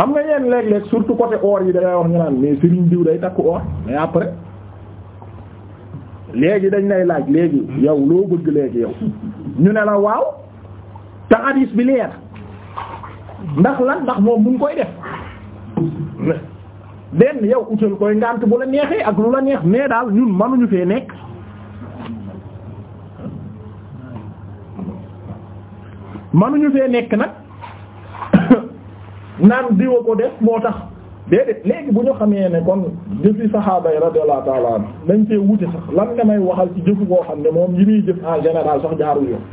xam nga ñeen léeg-léeg surtout côté or yi da ngay wax ñu naan mais Serigne diw day takk or mais après léegi dañ lay laaj léegi yow loo bëgg léegi yow ñu ne la waaw te hadis bi leer ndax la ndax moom mu ngi koy def benn yow utal koy ngant bu la neexee ak lu la neex mais daal ñun mënuñu fee nekk mënuñu fee nekk nag naan diwa ko def moo tax déedéet léegi bu ñu xamee ne kon jëfi saxaaba yi radiyallahu ta'ala anhu dañ cee wute sax lan nga may waxal ci jëfu boo xam ne moom yi muy jëf en général sax jaarul yoon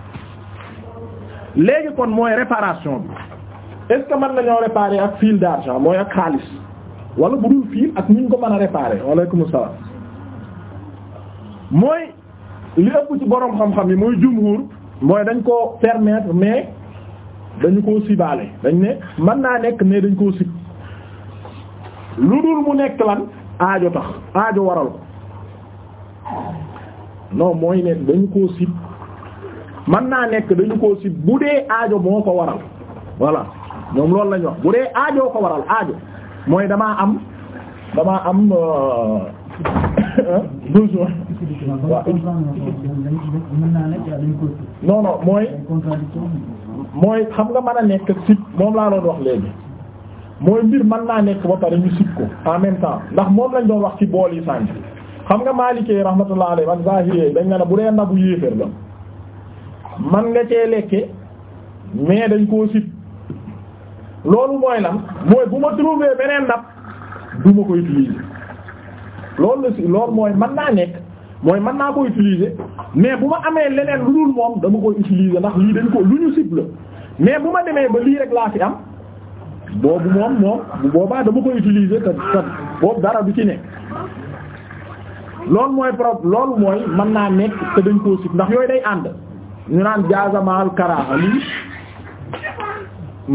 léegi kon mooy réparation bi est-ce que mën nañoo réparer ak fil d'argent mooy ak xaalis wala bu dul fil ak ñu ko mën a réparer waaleykum salaam mooy li ëpp ci borom xam-xam yi mooy jumhur mooy dañ ko permettre mais dañu ko sibaale dañ ne man naa nekk ne dañ koo sib lu dul mu nekk lan aajo tax aajo waral ko mooy ne dañu koo sib mën naa nekk dañu ko sib bu dee aajo moo ko waral voilà ñoom loolu lañu wax bu dee aajoo ko waral aajo mooy damaa am damaa am euh, besoin non mooy mooy xam nga man a nekk sib moom laa doon wax léegi mooy mbir man naa nekk ba pare ñu sib ko en même temps ndax moom lañ doon wax ci bool yi sànq xam nga maalikee rahmatullah alayhi ak zahiri dañ nga ne bu dee nabu yéeféer la man nga cee lekke mais dañ koo sib loolu mooy lan mooy bu ma trouver beneen ndab du ma ko utiliser loolu la si loolu mooy man naa nekk mooy mën naa ko utiliser mais bu ma amee leneen lu dul moom dama koy utiliser ndax lii dañ ko lu ñu cible mais bu ma demee ba lii rek laa fi am boobu moom moom bu boobaa dama koy utiliser te te boobu dara du ci nekk loolu mooy pro loolu mooy mën naa nekk te dañ koo cible ndax yooyu day ànd ñu naan jaazamaal karaaxa lii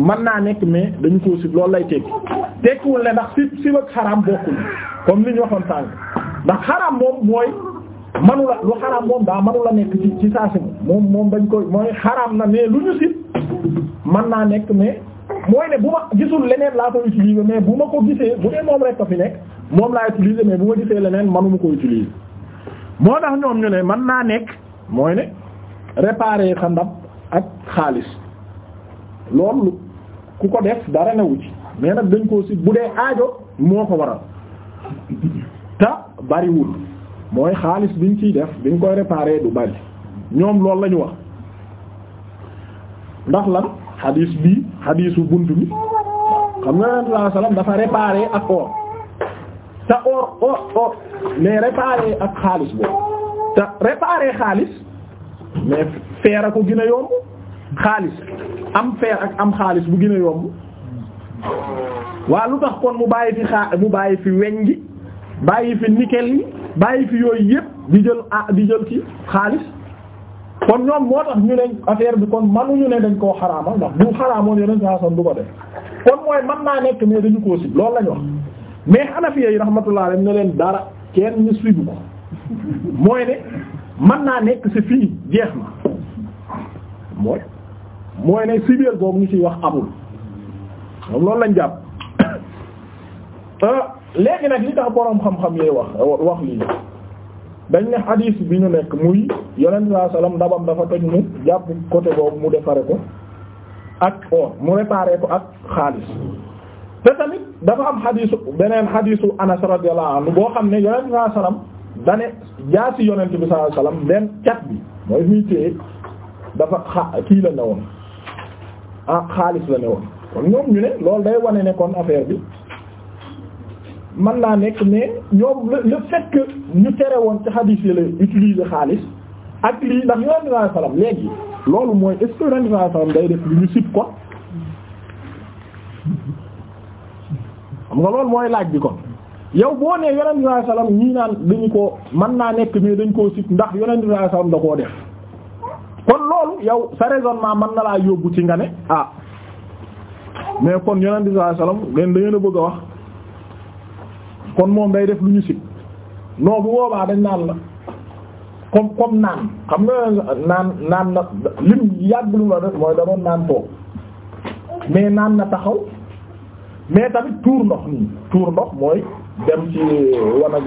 mën naa nekk mais dañu ko sib loolu lay tekki tekkiwul ne ndax sib sib ak xaraam bokkul comme ni ñu waxoon sànq ndax xaraam moom mooy manula lu xaraam moom daa manula nekk ci ci saa si moom moom dañ koy mooy xaraam na mais lu ñu sit man naa nekk mais mooy ne bu ma gisul leneen laa ko utiliser mais bu ma ko gisee bu dee moom rek ko fi nekk moom laa utiliser mais bu ma gisee leneen manuma ko utiliser moo tax ñoom ñu ne man naa nekk mooy ne réparer sa ndab ak xaalis loolu ku ko def dara newu ci mais nag dañ koo sit bu dee aajo moo ko waral te bariwul mooy xaalis biñ ciy def biñ koy réparer du bari ñoom loolu la wax ndax lan xadiis bii xadiisu bunt bi xam nga Yonent sallallahu alayhi wasallam dafa réparer ak or te or or or mais réparer ak xaalis boobu te réparer xaalis mais feer a ko gën a yomb xaalis am feer ak am xaalis bu gën a yomb waa lu tax kon mu bàyyi fi xaa mu bàyyi fi weñ gi bàyyi fi nickel yi bàyyi fi yooyu yëpp di jël ah di jël ci xaalis kon ñoom moo tax ñu ne affaire bi kon manuñu ne dañ koo xaraamal ndax bu xaraamoon yeneen saa son du ko def kon mooy man naa nekk mais dañu koo sib loolu la wax mais Hanafiya yi rahmatullah alayhi ne leen dara kenn ñu sibu ko mooy ne man naa nekk c'est fini jeex na mooy mooy ne sibeel boobu ñu ciy wax amul moom loolu lañ jàpp euh, léegi nag li tax boroom xam-xam yee wax wax lii dañ ne xadiis bi ñu nekk muy yonent saa salaam ndabam dafa toj mu jàpp côté boobu mu defare ko ak or mu réparé ko ak xaalis te tamit dafa am xadiisu beneen xadiisu Anas radiyallahu anhu boo xam ne yonent saa salaam dane jaasi yonent bi saa salaam benn cat bi mooy muy téye dafa xa kii la ne woon ah xaalis la ne woon kon ñu ne loolu day wane ne kon affaire bi. man naa nekk mais ñoom le fait que ñu tere woon ci xadiis yi la utiliser xaalis ak lii ndax yonent bi léegi loolu mooy est-ce que yonent bi day def lu ñu sib kon xam nga loolu mooy laaj bi kon yow boo nee yonent bi sallallahu alayhi naan dañu ko mën naa nekk mais dañ koo sib ndax yonent bi sallallahu alayhi da koo def kon loolu yow sa raisonnement mën na laa yóbbu ci nga ne ah mais kon yonent bi sallallahu alayhi wasallam leen da ngeen a bëgg a wax kon moom day def lu ñu si non bu boobaa dañ naan la comme comme naan xam nga naan naan na lim yàgg lu la def mooy da naan toog mais naan na taxaw mais tamit tuur ndox nii tuur ndox mooy dem ci wanag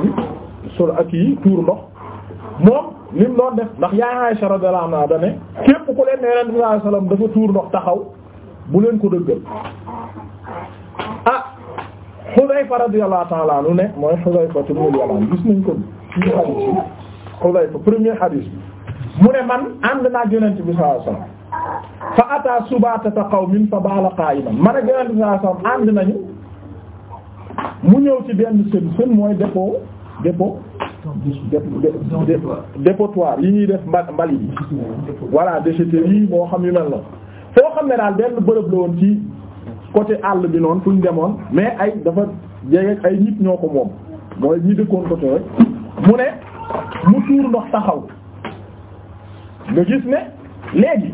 ak yi tuur ndox moom lim doon def ndax yaay Aisha radiyallahu anha da ne képp ku leen ne Yonent bi sallallahu alayhi dafa tuur ndox taxaw bu leen ko dëggal ah Xudayfa radiyallahu ta'ala anhu ne mooy Xudayfa ibn al-Yaman gis nañ ko ci hadith bi Xudayfa premier hadith bi mu ne man ànd naa Yonent bi sallallahu alayhi wasallam fa ata subatata qawmin fa bala qa'iman man a Yonent bi sallallahu alayhi wasallam ànd nañu mu ñëw ci benn sën sën mooy dépôt dépôt dépotoir yi ñuy def mba mbali yi voilà déchetterie yi moo xam yu mel noonu foo xam ne daal benn bërëb la ci côté àll bi noonu fu ñu demoon mais ay dafa jege ay nit ñoo ko moom mooy ñii dëkkoon côté rek mu ne mu tuur ndox taxaw nga gis ne léegi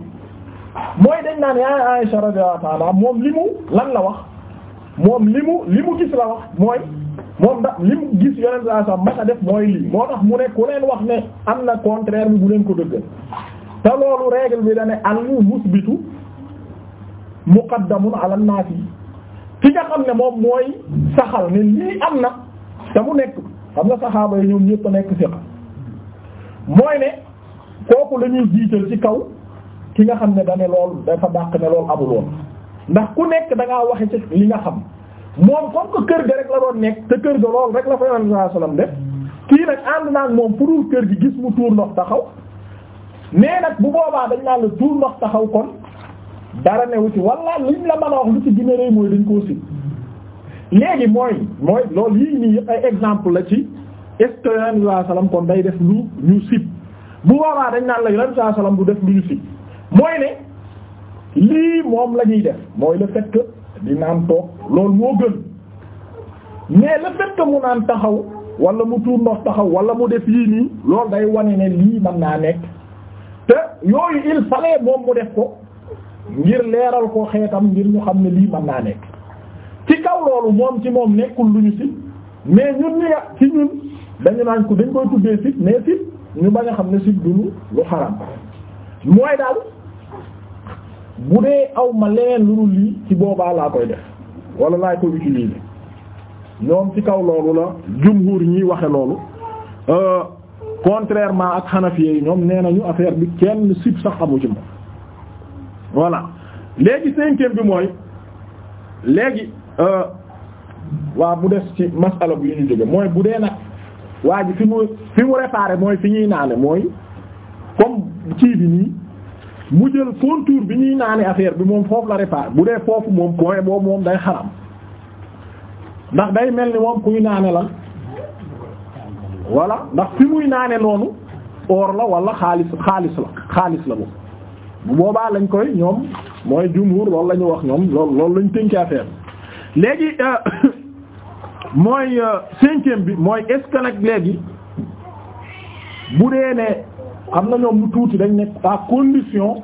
mooy dañ naan yaa Aisha radiyallahu ta'ala moom li mu lan la wax moom li mu li mu gis la wax mooy moom ndax li mu gis yonent saa sax masa def mooy lii moo tax mu ne ku leen wax ne am na contraire bi bu leen ko dëggal te loolu règle bi da ne musbitu muqaddamun ala nafi ki nga xam ne moom mooy saxal ne lii am na te mu nekk xam nga saxaaba yi ñoom ñëpp a nekk fiqa mooy ne kooku la ñuy jiital ci kaw ki nga xam ne da lool dafa dàq ne lool amul woon ndax ku nekk da ngaa waxe ci li nga xam moom comme que kër gi rek la doon nekk te kër ga lool rek la fa yonent sallallahu alayhi wasallam kii nag ànd naa moom pour kër gi gis mu tuur ndox taxaw mais nag bu boobaa dañ naan la tuur ndox taxaw kon dara newu ci wala liñ la mën a wax lu ci gën mooy dañ koo si léegi mooy mooy loolu yii nii yëpp ay exemple la ci est ce que kon day def lu ñu sit bu boobaa dañ naan la yonent bi sallallahu alayhi def lu ñu sib mooy ne lii moom lañuy ñuy def mooy le fait que di naan toog loolu moo gën mais la fait mu naan taxaw wala mu tuur ndox taxaw wala mu def yii nii loolu day wane ne lii mën naa nekk te yooyu il fallait moom mu def ko ngir leeral ko xeetam ngir ñu xam ne lii mën naa nekk ci kaw loolu moom ci moom nekkul lu ñu sit mais ñun ñi nga ci ñun dañu naan ko dañ koy tuddee sit mais sit ñu bañ a xam ne sit duñu lu xaram mooy daal bu dee aw ma leneen lu dul lii ci boobaa laa koy def wala laay koy utiliser ñoom ci kaw loolu la jumhur ñuy waxe loolu euh, contrairement ak xanafiye yi ñoom nee nañu affaire bi kenn sib sax amu ci moom voilà léegi cinquième bi mooy léegi euh, waa bu des ci masala bu ñu jóge mooy bu dee nag waa ji fi mu fi mu réparé mooy fi ñuy naane mooy comme kii bi nii mu jël contour bi ñuy naane affaire bi moom foofu la réparé bu dee foofu moom koy boobu moom day xaram ndax day mel ni moom kuy naane la walla ndax fi muy naane noonu or la wala xaalis xaalis la xaalis la moom bu boobaa lañ koy ñoom mooy jumhur loolu lañu wax ñoom lool loolu lañ tënk affaire léegi euh, mooy euh, cinquième bi mooy est-ce léegi bu dee ne am na ñoom lu tuuti dañ nekk à condition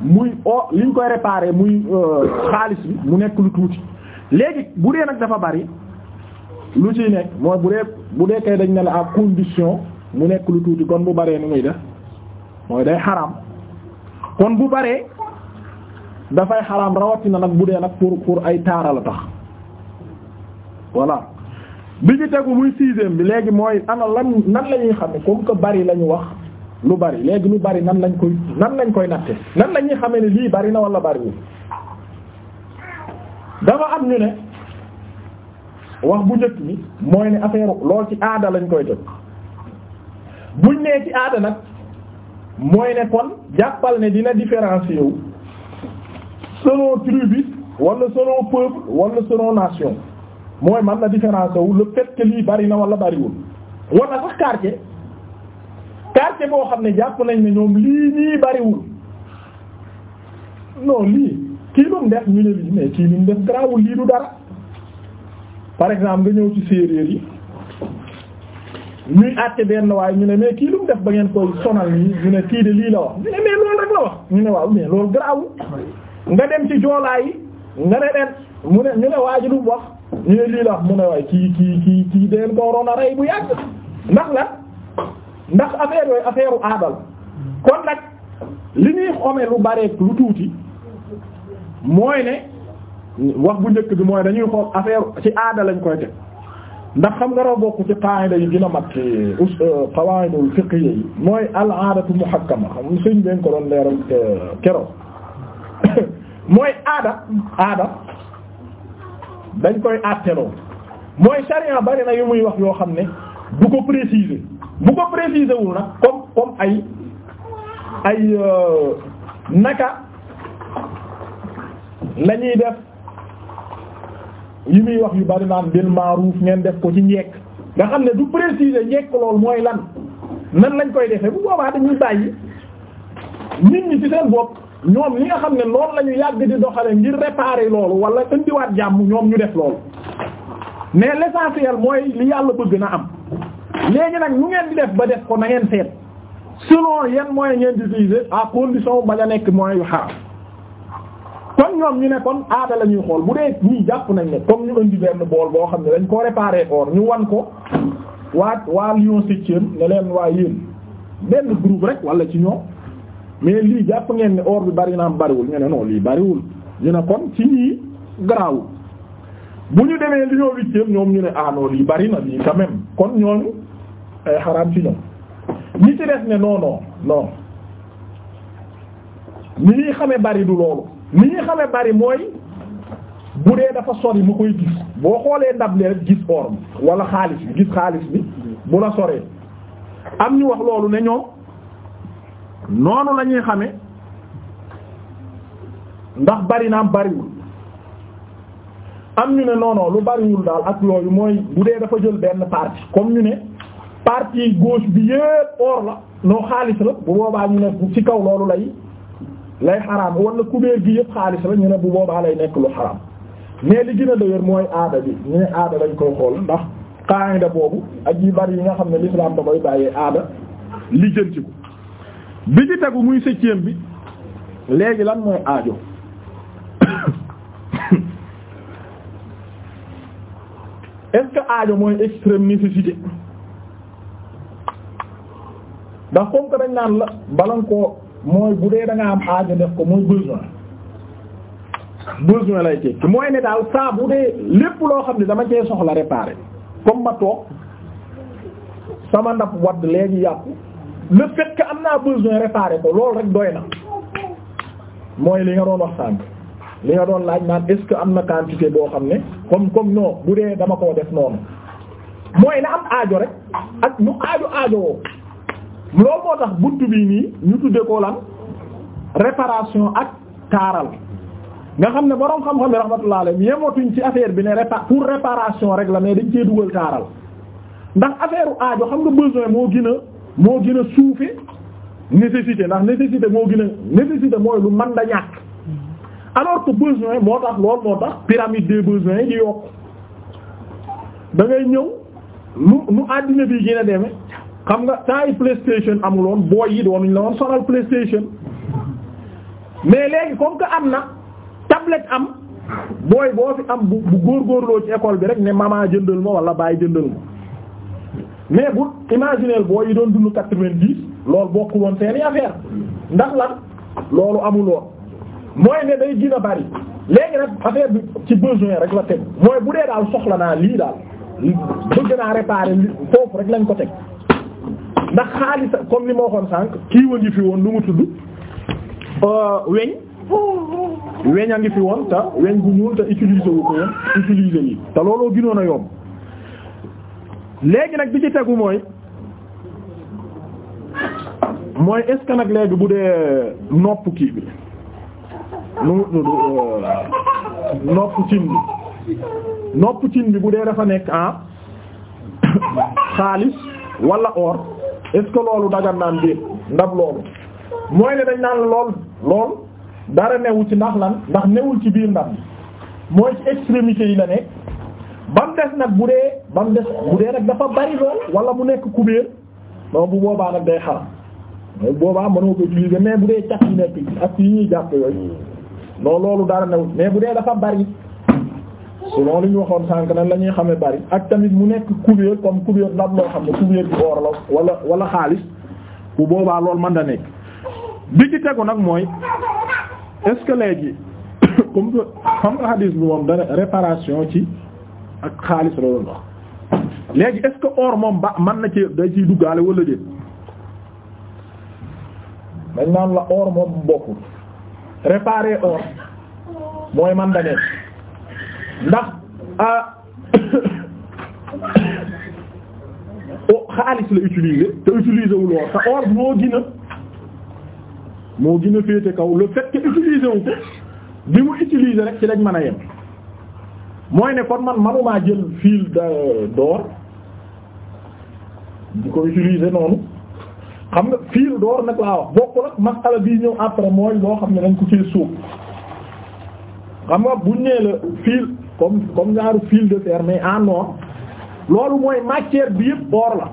muy o liñ koy réparer muy euh, xaalis bi mu nekk lu tuuti léegi bu dee nag dafa bari lu ciy nekk mooy bu dee bu dee kay dañ ne la à condition mu nekk lu tuuti kon bu baree na muy def mooy day xaram kon bu baree dafay xaraam rawatina nag bu dee nag pour pour ay taara la tax voilà bi ñu tegu muy sixième bi léegi mooy ana lan nan la ñuy xam ne comme que bari la ñu wax lu bari léegi lu bari nan lañ koy nan lañ koy natte nan la ñuy xamee ne lii bari na walla bariwul dafa am ñu ne wax bu njëkk bi mooy ne affaire lool ci aada lañ koy tëg buñ nee ci aada nag. mooy ne jàppal ne dina différencier wu selon tribu wala solo peuple wala selon nation mooy man na différencier wu le fait lii bari na wala bariwul wala tax quartier quartier boo xam ne jàpp nañ ne ñoom lii nii bariwul non lii kii lu mu def ñu ne lii mais kii lu mu def garaawul lii du dara par exemple nga ñëw ci séeréer yi ñuy àtte benn waaye ñu ne mais kii lu mu def ba ngeen koy sonal nii ñu ne kii de lii la wax ñu ne mais loolu rek la ñu ne waaw mais loolu garaawu nga dem ci joolaa yi nga ne leen mu ne ñu ne waa ji lu mu wax ñu ne lii la wax mu ne waay kii kii kii kii deen ko bu yàgg ndax la ndax affaire yooyu affaire u aadal kon nag li ñuy xome lu bareek lu tuuti mooy ne wax bu njëkk bi mooy dañuy xool affaire ci aada lañ koy teg ndax xam nga raw bokk ci qaa'ida yi gën a mat us euh, qawaa'idul fiqhiyya yi mooy al-aadatu muhakkama xam suñ leen ko doon leeral euh, keroog mooy aada aada dañ koy atteloo mooy sharia bari na yu muy wax yoo xam ne du ko préciser bu ko préciser wul nag comme comme ay ay euh, naka lañuy def yi muy wax yu bari naan bil ma'ruf ngeen def ko ci njekk nga xam ne du préciser njekk lool mooy lan nan lañ koy defee bu boobaa dañuy bàyyi nit ñi ci seen bopp ñoom li nga xam ne loolu la ñu yàgg di doxale ngir réparer loolu wala indiwaat jàmm ñoom ñu def loolu mais l'essentiel mooy li yàlla bëgg na am léegi nag ñu ngeen di def ba def ko na ngeen seet selon yan moyens ngeen di utiliser à condition ma nga nekk moyens yu xaram kon ñoom ñu ne kon aada la ñuy xool bu dee ñii jàpp nañ ne comme ñu indi benn bool boo xam ne dañ ko réparé or ñu wan ko waat waa Lyon septième ne leen waa yéen benn groupe rek wala ci ñoom mais lii jàpp ngeen ne or bi bari naam bariwul ñu ne non lii bariwul ñu ne kon ci ñii garaawul bu ñu demee Lyon huitième ñoom ñu ne ah non lii bari na lii quand même kon ñooñu ay xaraam ci ñoom ñi ci des ne non non non ni ñuy xamee bari ni ñuy xamee bari mooy bu dee dafa sori mu koy gis boo xoolee ndab li rek gis or wala xaalis bi gis xaalis bi bu la soree am ñu wax loolu ne ñoom noonu la ñuy xamee ndax bari naam bariwul am ñu ne non non lu bariwul daal ak loolu mooy bu dee dafa jël benn partie comme ñu ne partie gauche bi yépp or la noo xaalis la bu boobaa ñu ne ci kaw loolu lay lay xaraam wala kubéer gi yëpp xaalis la ñu ne bu boobaa lay nekk lu xaraam mais li gën a dëgër mooy aada bi ñu ne aada lañ koy xool ndax qaida boobu ak yu bari yi nga xam ne l'islam da koy bàyyee aada li jën ci ko bi ci tegu muy septième bi léegi lan mooy aajo est aajo mooy extrême nécessité ndax comme dañ naan la balan koo mooy bu dee da am aajo def ko mooy besoin besoin lay tekki mooy ne daal saa dee lépp loo xam ne dama cee soxla réparer comme ma toog sama ndab wadd léegi yàqu le fait que am naa besoin réparer ko loolu rek doy na mooy li nga doon wax sànq li nga doon laaj naan est am na quantité boo xam ne comme comme non bu dee dama koo def noonu mooy na am aajo rek ak nu aajo aajowoo loolu moo tax bunt bi nii ñu tuddee ko lan réparation ak taaral nga xam ne boroom xam-xam yi rahmatullah alayhi yematuñ ci affaire bi ne répa pour réparation rek la mais dañ cee dugal taaral ndax affaire u aajo xam nga besoin moo gën a moo gën a suufe nécessité ndax nécessité moo gën a nécessité mooy lu man da ñàkk alors que besoin moo tax loolu moo tax pyramide des besoins yi di yokk da ñëw nu nu àddina bi gën a xam nga temps yi PlayStation amul woon booy yi doonuñ la woon sonal PlayStation mais léegi comme que am na tablette am booy boo fi am bu bu góorgóorloo ci école bi rek ne maman jëndal moo wala baay jëndal ma mais bu imaginer booy yi doon dund quatre-vingt-dix lool bokku woon seeni affaire ndax la loolu amuloo woon mooy ne day gën a bari léegi rek affaire bi ci besoin rek la teg mooy bu dee daal soxla naa lii daal bëgg naa réparer foofu rek lañ ko teg. ndax xaalis comme li ma waxoon sànq kii wa ngi fi woon lu mu tudd euh, weñ weñ a ngi fi woon te weñ bu ñuul te utiliser wu ko woon utiliser yi te looloo ginoon a yomb léegi nag bi ci tegu mooy mooy est-ce nag léegi bu dee nopp kii bi nu mu tudd euh, nopp cin bi nopp cin bi bu dee dafa nekk en xaalis wala or est-ce loolu dagan naan déet ndab loolu mooy ne dañ naan lool lool dara newu ci ndax lan ndax newul ci biir ndab mooy ci yi la nekk ba mu des nag bu dee ba mu des bu dee nag dafa bari lool wala mu nekk kubéer non bu boobaa nag day xaram bu boobaa mënoo ko utiliser mais bu dee caq yi nekk ak yi ñuy jàpp yooyu non loolu dara newul mais bu dee dafa bari selon li ñu waxoon sànq nan la ñuy xamee bari ak tamit mu nekk couvert comme couvert ndab loo xam ne couvert bi or la wala wala xaalis bu boobaa lool man da nekk bi ci tegu nag mooy est-ce que léegi comme que xam nga hadis bi moom dana réparation ci ak xaalis la léegi est-ce que or moom ba man na ci day ciy duggaale wala déet dañ naan la or moom bokkul réparer or mooy mën da nekk ndax a ah, oh, xaalis la utiliser te utiliser wu lool te or moo gën moo gën a kaw la fait que utiliser bi mu utiliser rek ci lañ man a yem mooy ne kon man manumaa jël fil d'or di ko utiliser noonu xam nga fil d'or nag laa wax bokkul ak masala bii ñëw après mooy loo xam ne dañ ko ci suuf xam nga buñ nee la fil comme comme ñaaru fil de fer mais en or loolu mooy matière bi yëpp or la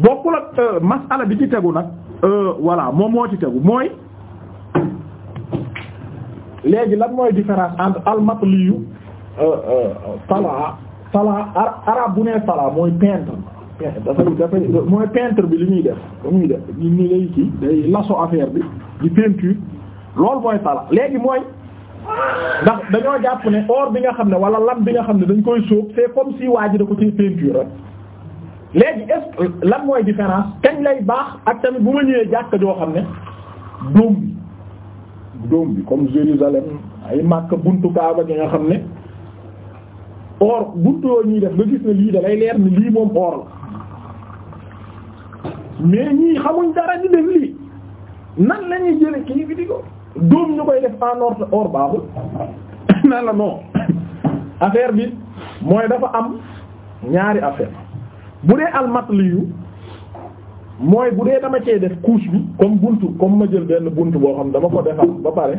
bokkul ak masala bi ci nag voilà moom moo ci tegu mooy léegi lan mooy différence entre almatliyu talaa talaa arabe bu nee talaa mooy peintre dafay dafay mooy bi li muy def li muy def li muy lay affaire bi di peinture loolu mooy talaa léegi mooy ndax dañoo jàpp ne or bi nga xam ne wala lam bi nga xam ne dañ koy sóob c'est comme si waa ji da ko ci peinture rek léegi est mooy différence kañ lay baax ak tamit bu ma ñëwee jàkka joo xam ne dóom bi dóom bi comme Jérusalem ay Makka buntu Kaaba gi nga xam ne or buntu yoo ñuy def nga gis ne lii da lay leer ni lii moom or la mais ñii xamuñ dara ñu def lii nan la ñuy kii bi di doom ñu koy def en or or baaxul na la non affaire bi mooy dafa am ñaari affaire bu dee almatliyu mooy bu dee dama cee def couche bi comme buntu comme ma jël benn buntu boo xam dama ko defar ba pare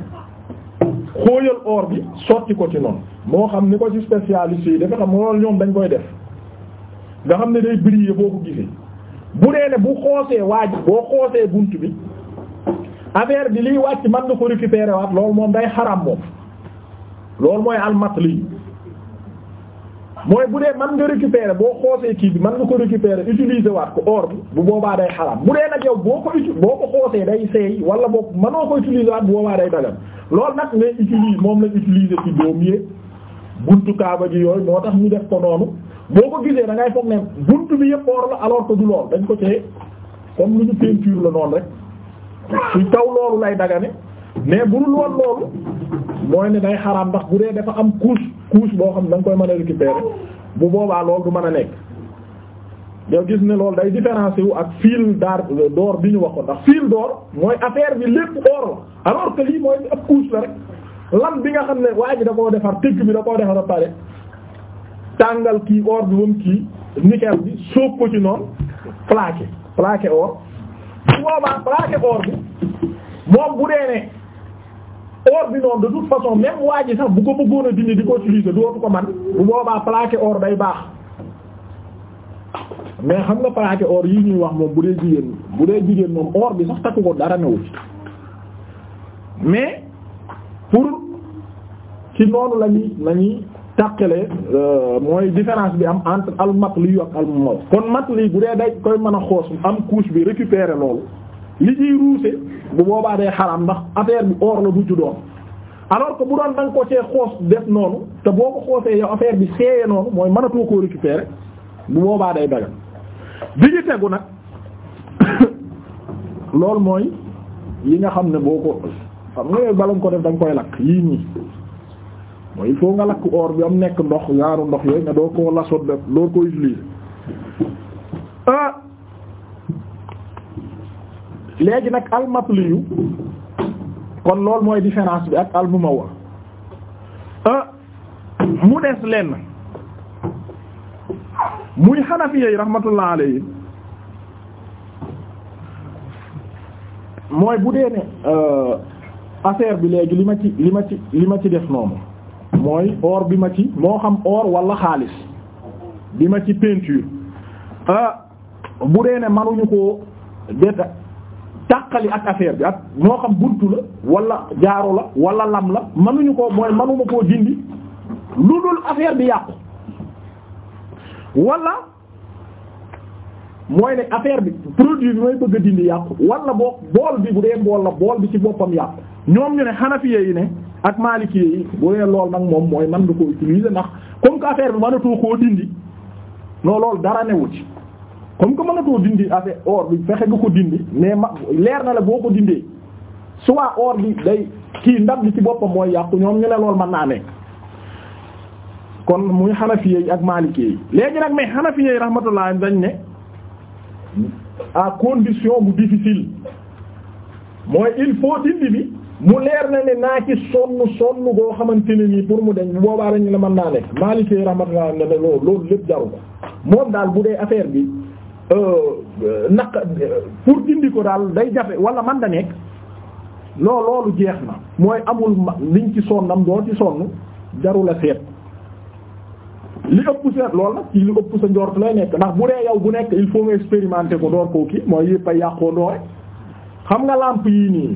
xóoyal or bi sotti ko ci noonu moo xam ni ko ci spécialiste yi dafa xam ñoom dañ koy def xam ne day briller boo ko gisee bu dee ne bu xoosee waaj boo xoosee bunt bi affaire bi liy wàcc mën na ko récupérer waat loolu moom day xaram moom loolu mooy almatli mooy bu dee man nga récupérer boo xoosee kii bi mën nga ko récupérer utiliser waat ko or bi bu boobaa day bu dee nag yow boo ko uti boo ko xoosee day seey wala boo mënoo ko utiliser waat bu boobaa day dagal loolu nag ngay moom lañ utiliser ci doom yi buntu kaaba ji yooyu moo tax ñu def ko noonu boo ko gisee da ngay foog ne buntu bi yëpp or la du lool dañ ko cee lu ñu la noonu rek. ci taw loolu lay dagane mais bu dul woon loolu mooy ne day xaraam ndax bu dee dafa am couche couche boo xam ne da nga koy mën a récupérer bu boobaa loolu du mën a nekk. yow gis ne loolu day différencier wu ak fil daar bi ñu waxoon ndax fil d'or mooy affaire bi lépp or la alors que lii mooy ab couche la rek lam bi nga xam ne waa ji da koo defar tëgg bi da koo defar a pare tàngal kii or bi ba kii nickel bi sóob ci noonu plaqué plaqué or. su boobaa plaqué or bi moom bu dee ne or bi noonu de toute façon même waa ji sax bu ko bëggoon a dindi di ko utiliser dootu ko man bu boobaa plaqué or day baax mais xam nga plaqué or yi ñuy wax moom bu dee jigéen bu dee jigéen moom or bi sax takku ko dara newu mais pour ci noonu lañuy lañuy tàqale euh, mooy différence bi am entre al matli ak al mawt kon matli bu dee day koy mën a xoos am couche bi récupérer loolu li ciy ruuse bu boobaa day xaraam ndax affaire bi or la du ci doon alors que bu doon da nga ko cee xoos def noonu te boo ko xoosee yow affaire bi seeyee noonu mooy mënatoo ko récupérer bu boobaa day dagal bi ñu tegu nag loolu mooy yi nga xam ne boo ko xam nga bala nga ko def da koy lakk yii nii. mooy il faut nga lakk or bi am nekk ndox yaaru ndox yooyu nga doo ko laso def doo ko utiliser ah léegi nag almatliyu kon loolu mooy différence bi ak almumawa ah mu des lenn muy xanafiya yi rahmatullah alayhi mooy bu dee ne euh, affaire bi léegi li ma ci li ma ci li ma ci def noonu mooy or bi ma ci moo xam or wala xaalis bi ma ci peinture ah bu dee ne manuñu koo deta tàqali ak affaire bi ak moo xam buntu la wala jaaro la wala lam la manuñu koo mooy manuma koo dindi lu dul affaire bi yàqu walla mooy ne affaire bi produit bi may bëgg a dindi yàqu wala boo bool bi bu dee bool la bool bi ci boppam yàqu ñoom ñu ne Hanafiya yi ne ak Maliki yi bu lool nag moom mooy man nga ko utiliser ndax comme que affaire bi mënatoo koo dindi non loolu dara newu ci comme que mënatoo dindi affaire or bi fexe nga ko dindi mais ma leer na la boo ko dindee soit or bi day kii ndab li ci boppam mooy yàqu ñoom ñu ne loolu mën naa kon muy Hanafiye yi ak Maliki yi léegi nag mais Hanafiye yi rahmatullah dañ ne à condition bu difficile il faut dindi bi. mu leer na ne naa ci sonn sonn boo xamante ne nii pour mu deñ bu boobaa dañ la mën naa nekk Maalik rahmatullah ne loolu loolu lépp jaru ko moom daal bu dee affaire bi euh, naq pour dindi ko daal day jafe wala man da nekk loolu loolu jeex na mooy amul liñ ci sonnam doo ci sonn jarul a seet li ëpp seet loolu nag ci li ëpp sa njort lay nekk ndax bu dee yow bu nekk il faut nga ko door koo kii mooy yëpp a yàqoo doore xam nga làmp yii nii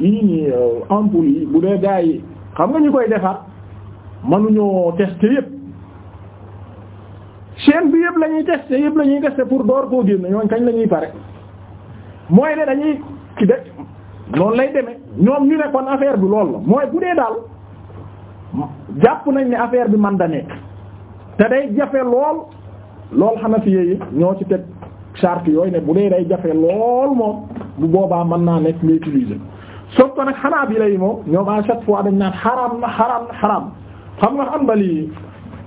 yii nii euh, ampoule yi bu dee gaa yi xam nga ñu koy defar mënuñoo tester yëpp chaîne bi yëpp la ñuy tester yëpp lañuy ñuy tester pour door koo génn ñooñ kañ lañuy pare mooy ne dañuy ki de noonu lay demee ñoom ñu ne kon affaire bi lool la mooy bu dee daal jàpp nañ ni affaire bi man da nekk te day jafe lool lool xanafi yi ñoo ci teg charte yooyu ne bu dee day jafe lool moom bu boobaa mën naa nekk nga utiliser soog ko nag Hanaabila yi moom ñoom à chaque fois dañ naan xaraam na xaraam na xaraam xam nga Hanbali yi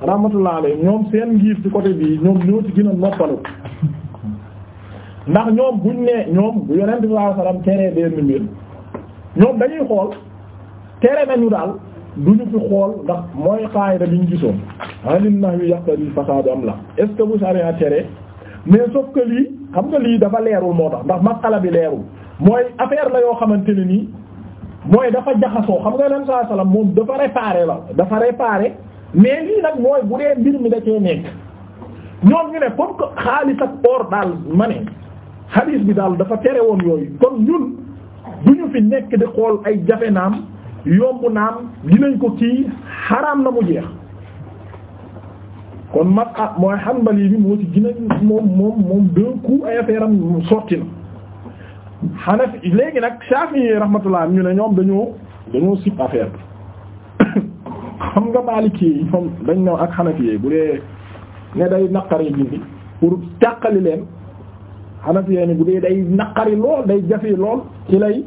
rahmatullah alayhi ñoom seen ngir ci côté bii ñoom ñoo ci gën a noppalu ndax ñoom buñ ne ñoom bu yonent bi sallallahu alayhi wasallam teree benn ñoom dañuy xool tere nañu daal duñu fi xool ndax mooy xaayida bi ñu gisoon alim na yu yàqari fasaadu am la est ce que bu tere mais sauf que lii xam nga lii dafa leerul moo tax ndax masala bi leerul mooy affaire la yoo xamante ne nii mooy dafa jaxasoo xam nga leen saa salaam moom dafa réparé la dafa réparé mais lii nag mooy bu dee mbir mi da nekk ñoom ñu ne comme que xaalis ak or daal ma ne xaalis bi daal dafa tere woon yooyu kon ñun du ñu fi nekk di xool ay jafe naam yomb naam dinañ ko kii xaraam na mu jeex. kon mazhab ah mooy xam hanbali bi moo ci gën a moom moom moom deux coups ay affaire sotti na hanafi léegi nag shafi'i rahmatullah ñu ne ñoom dañoo dañoo sib affaire bi xam nga maliki yi ñoom dañ ne ak hanafi yi bu dee ne day naqari dindi pour tàqali leen hanafi yi ne bu dee day naqari lool day jafe lool ci lay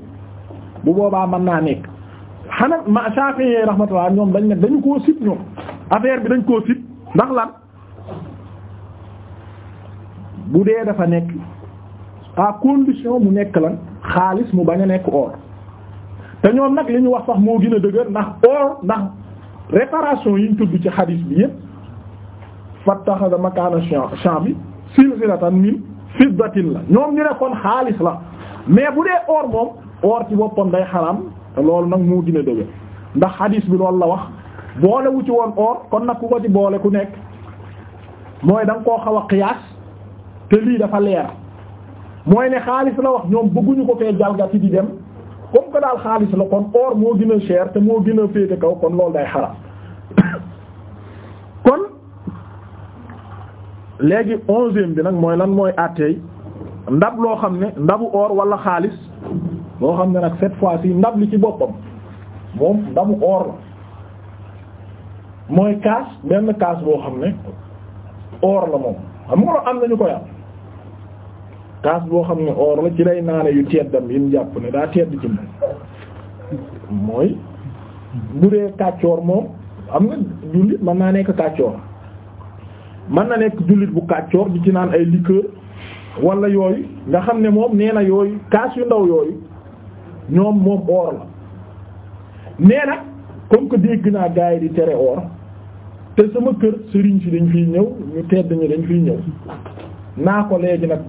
bu boobaa mën naa nekk xana ma shafi'i rahmatullah ñoom dañ ne dañu koo sib ñoom affaire bi dañ koo sib ndax lan bu dee dafa nekk a condition mu nekk lan xaalis mu bañ a nekk or te ñoom nag li ñu wax sax moo gin a dëgër ndax or ndax réparation yi ñu tudd ci xadiis bi yépp bi makaana shaabi silsilatan min batin la ñoom ñu ne xaalis la mais bu dee or moom or ci boppam day xaraam te loolu nag moo gën a dëgër ndax xadiis bi loolu la wax boole wu ci woon or kon nag ku ko ci boole ku nekk mooy da nga koo xaw a te lii dafa leer mooy ne xaalis la wax ñoom bëgguñu ko fee jalgati di dem comme que daal xaalis la kon or moo gën a cher te moo gën a féete kaw kon loolu day xaram kon léegi onzième bi nag mooy lan mooy àtteey ndab loo xam ne ndabu or wala xaalis moo xam ne nag cette fois-ci ndab li ci boppam moom ndabu or la mooy kaas benn kaas boo xam ne or la moom xam nga am nañu ko yàlla kaas boo xam ne or la ci lay naane yu teddam yi mu jàpp ne daa tedd ci moom mooy bu dee kàccoor moom am na jullit mën naa nekk kàccoor mën na nekk jullit bu kàccoor di ci naan ay liqueur walla yooyu nga xam ne moom nee na yooyu kaas yu ndaw yooyu ñoom moom or la nee comme que dégg naa gars yi di tere or te sama kër sëriñ si dañ fiy ñëw ñu tedd ñi dañ fiy ñëw naa ko léegi nag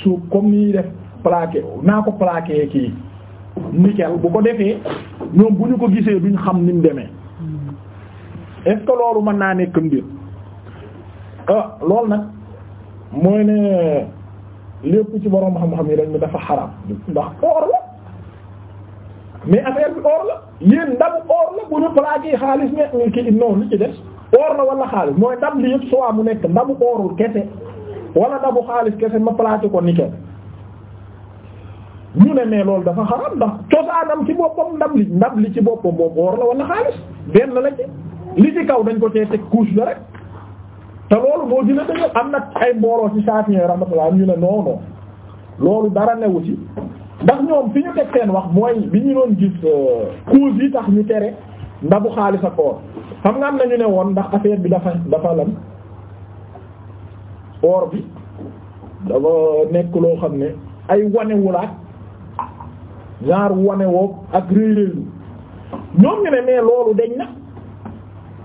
suuf comme ni def plaqué naa ko plaqué kii nickel bu ko defee ñoom bu ñu ko gisee duñ xam ni mu demee est loolu mën naa nekk mbir ah loolu nag mooy ne lépp ci borom xam-xam yi dañ ne dafa xaraam ndax or mais affaire bi or la yéen ndam or la bu ñu plaqué xaalis mais ki non li ci des or la wala xaalis mooy ndam li yëpp soit mu nekk ndamu orul kese wala ndamu xaalis kese ma plaqué ko nickel ñu ne mais loolu dafa xaram ndax cosaanam ci boppam ndam li ndam li ci boppam boobu or la wala xaalis benn la ci li ci kaw dañ ko cee teg couche la rek te loolu boo gën a dëgg am nag ay mbooloo ci Shafi'i rahmatullah ñu ne non loolu dara newu ci ndax ñoom fi ñu teg seen wax mooy bi ñu doon gis euh, cause yi tax ñu tere ndabu xaalis ak or xam nga am nañu ne woon ndax affaire bi dafa dafa lan or bi dafa nekk loo xam ne ay wanewulaat genre wanewoog ak réy-réylu ñoom ñu ne mais loolu deñ na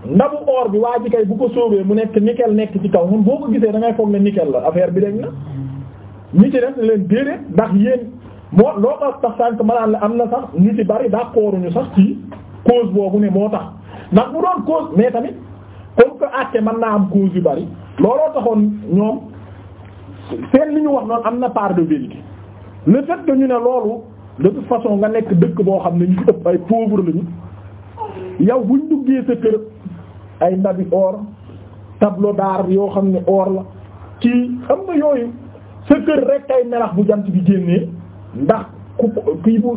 ndabu or bi waa ji kay bu ko sóobee mu nekk nickel nekk ci kaw mun boo ko gisee da ngay foog ne nickel la affaire bi deñ na ñi ci def leen déedéet ndax yéen moo loo tax tax sànq malaan la am na sax ñu ci bari daa kooruñu sax ci cause boobu ne moo tax ndax bu doon cause mais tamit comme que àtte man naa am cause yu bari looloo taxoon ñoom seen li ñu wax noonu am na part de vérité le fait ñu ne loolu de toute façon nga nekk dëkk boo xam ne ñu ëpp ay pauvre lañu yow buñ duggee sa kër ay ndabi or tableau d'art yoo xam ne or la ci am na yooyu. sa kër rek kay melax bu jant bi génnee ndax ku kii bu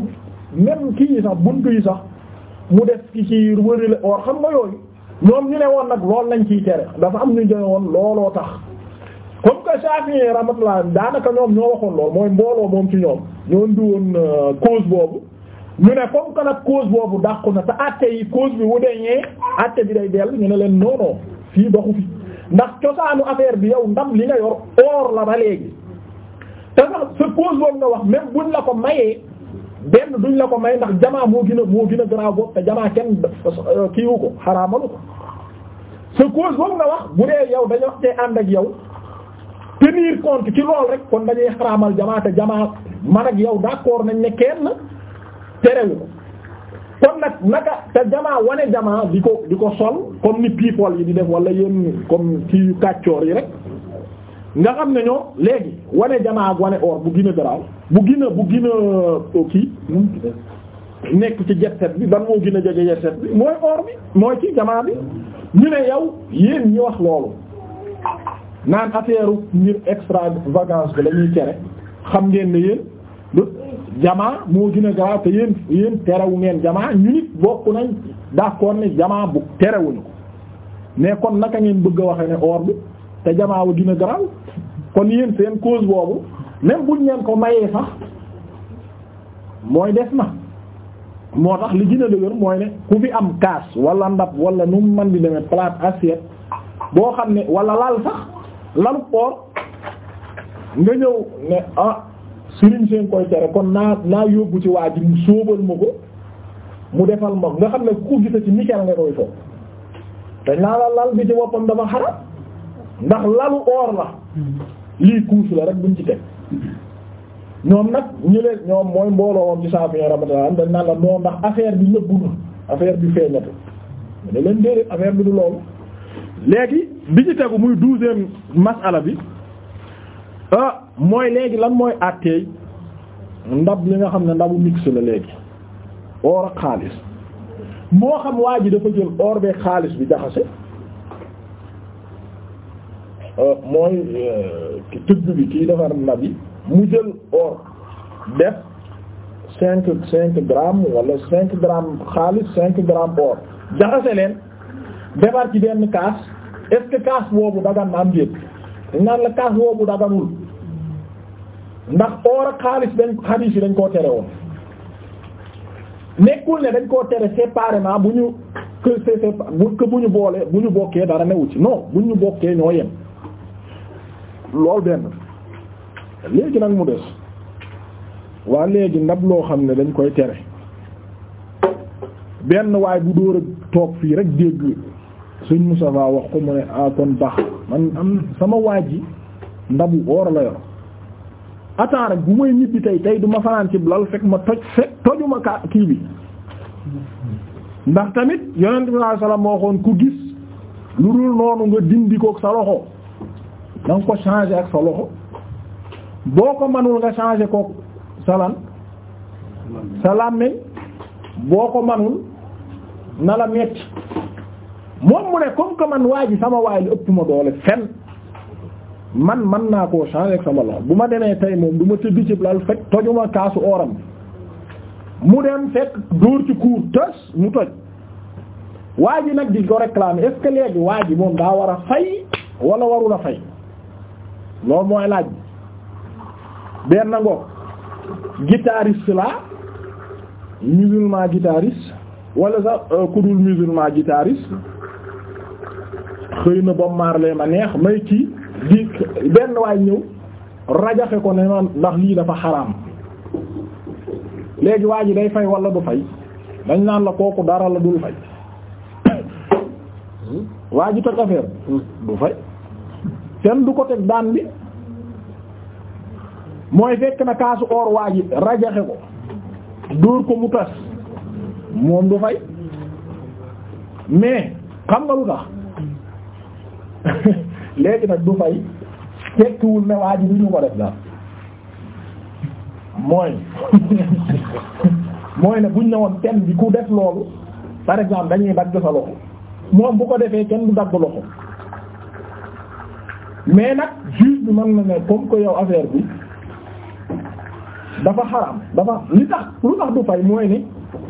même kii sax buntu yi sax mu def kii ci wërale or xam nga yooyu ñoom ñu ne woon nag loolu lañ ciy tere dafa am ñu jone woon looloo tax comme que Shafi'i rahmatullah daanaka ñoom ñoo waxoon lool mooy mbooloo moom ci ñoom ñoo indi woon euh, cause boobu ñu ne comme que nag cause boobu dàqu na te àtte yi cause bi wu deñee àtte bi day dellu ñu ne leen non non fii doxu fi ndax cosaanu affaire bi yow ndam li nga yor or la ba léegi te sax sa pause boobu nga wax même buñ la ko mayee benn duñ la ko may ndax jamaa moo gën a moo gën a garaaw boobu te jamaa kenn euh, kiiwu ko xaraamalu ko sa cause boobu nga wax bu dee yow dañoo cee ànd ak yow tenir compte ci lool rek kon dañuy xaraamal jamaa te jamaa man ak yow d'accord nañ ne kenn terewu ko kon nag naka te jamaa wane jamaa di ko di ko sol comme ni people yi di def wala yéen comme ci kàccoor yi rek nga xam ne ñoo léegi wane jamaa ak wane or bu gën a bu gën bu gën euh, kii nekk ci jet set bi ban moo gën a jege jet bi mooy or bi mooy ci jamaa bi ñu ne yow yéen ñi wax loolu naan affaire ngir extra vacance bi la ñuy xam ngeen ne yéen jamaa moo gën a garaaw te yéen yéen terewu ngeen jamaa ñu nit bokk nañ d'accord ne jamaa bu terewuñu ko mais kon naka ngeen bëgg a waxee ne or bi te jamaawa gën a garaw kon yéen seen cause boobu même buñ leen ko mayee sax mooy des na moo tax li gën a dëgër mooy ne ku fi am kaas wala ndab wala nu man di demee plate assiette boo xam ne walla lal sax lalu poor nga ñëw ne ah sëriñ seen koy tere kon naa naa yóbbu ci waa ji mu sóobal ma ko mu defal ma nga xam ne ku gisa ci nickel nga koy foog dañ laa lal bi ci boppam dafa xaram ndax lalu or la lii couche la rek buñ ci teg ñoom nag ñu leen ñoom mooy mbooloo woon ci saa fi ramatala dañ naan la non ndax affaire bi nëbbu na affaire bi feeñatu ne leen déedéet affaire bi du loolu. léegi bi ci tegu muy douzième masala bi ah mooy léegi lan mooy àtteey ndab li nga xam ne ndabu mix la léegi or ak xaalis moo xam waa ji dafa jël or beeg xaalis bi jaxase. Euh, mooy euh, tëgg bi kiy defar ndab yi mu jël or def cinq cinq grammes wala cinq grammes xaalis cinq grammes or jaxase leen defar ci benn kaas est-ce que kaas dagan na am déet naan la kaas boobu daganul ndax or ak xaalis dañ xaalis yi dañ koo tere woon nekkul ne dañ koo tere séparément bu ñu que c'est bu ñu boole bu ñu bokkee dara newu ci non bu ñu bokkee ñoo yem lool benn léegi nag mu des waa léegi ndab loo xam ne dañ koy tere benn waay bu dóor a toog fii rek dégg suñ Moustapha wax ko mu ne ah kon baax man am sama waay ji ndabu oor la yor attends bu may ñibbi tey tey du ma fanaan ci lal fekk ma toj fekk tojuma ka kii bi ndax tamit yonent bi sallallahu alayhi waxoon ku gis lu dul noonu nga dindi ko sa loxo da nga ko changer ak sa loxo boo ko manul nga changer ko salan sa làmmiñ boo ko manul na la metti moom mu ne comme que man waa ji sama waay li ëpp ma doole fen man man naa koo changer ak sama loxo bu ma demee tey moom du ma tëddi ci lal fekk tojuma kaasu oram mu dem fekk dóor ci kuur tës mu toj waa ji nag di ko réclamer est-ce que waa ji moom daa war a fay wala warul a fay loolu mooy laaj bi benn ngoog guitariste la musulman guitariste wala sax euh, ku dul musulman guitariste xëy na Bob Marley ma neex may kii di benn waay ñëw rajaxe ko ne ma ndax lii dafa xaram léegi waa ji day fay wala du fay dañ naan la kooku dara la dul fay waa ji takk affaire hmm. du fay kenn du ko teg daan bi mooy fekk na kaasu or waa ji rajaxe ko dóor ko mu tas moom du fay mais xam nga lu tax léegi nag du fay tekkiwul ne waa ji du ñu ko def daal mooy mooy ne buñ ne woon kenn bi ku def loolu par exemple dañuy dagg sa loxo moom bu ko defee kenn du dagg loxo mais nag juge bi mën na ne comme que yow affaire bi dafa xaram dafa li tax lu tax du fay mooy ni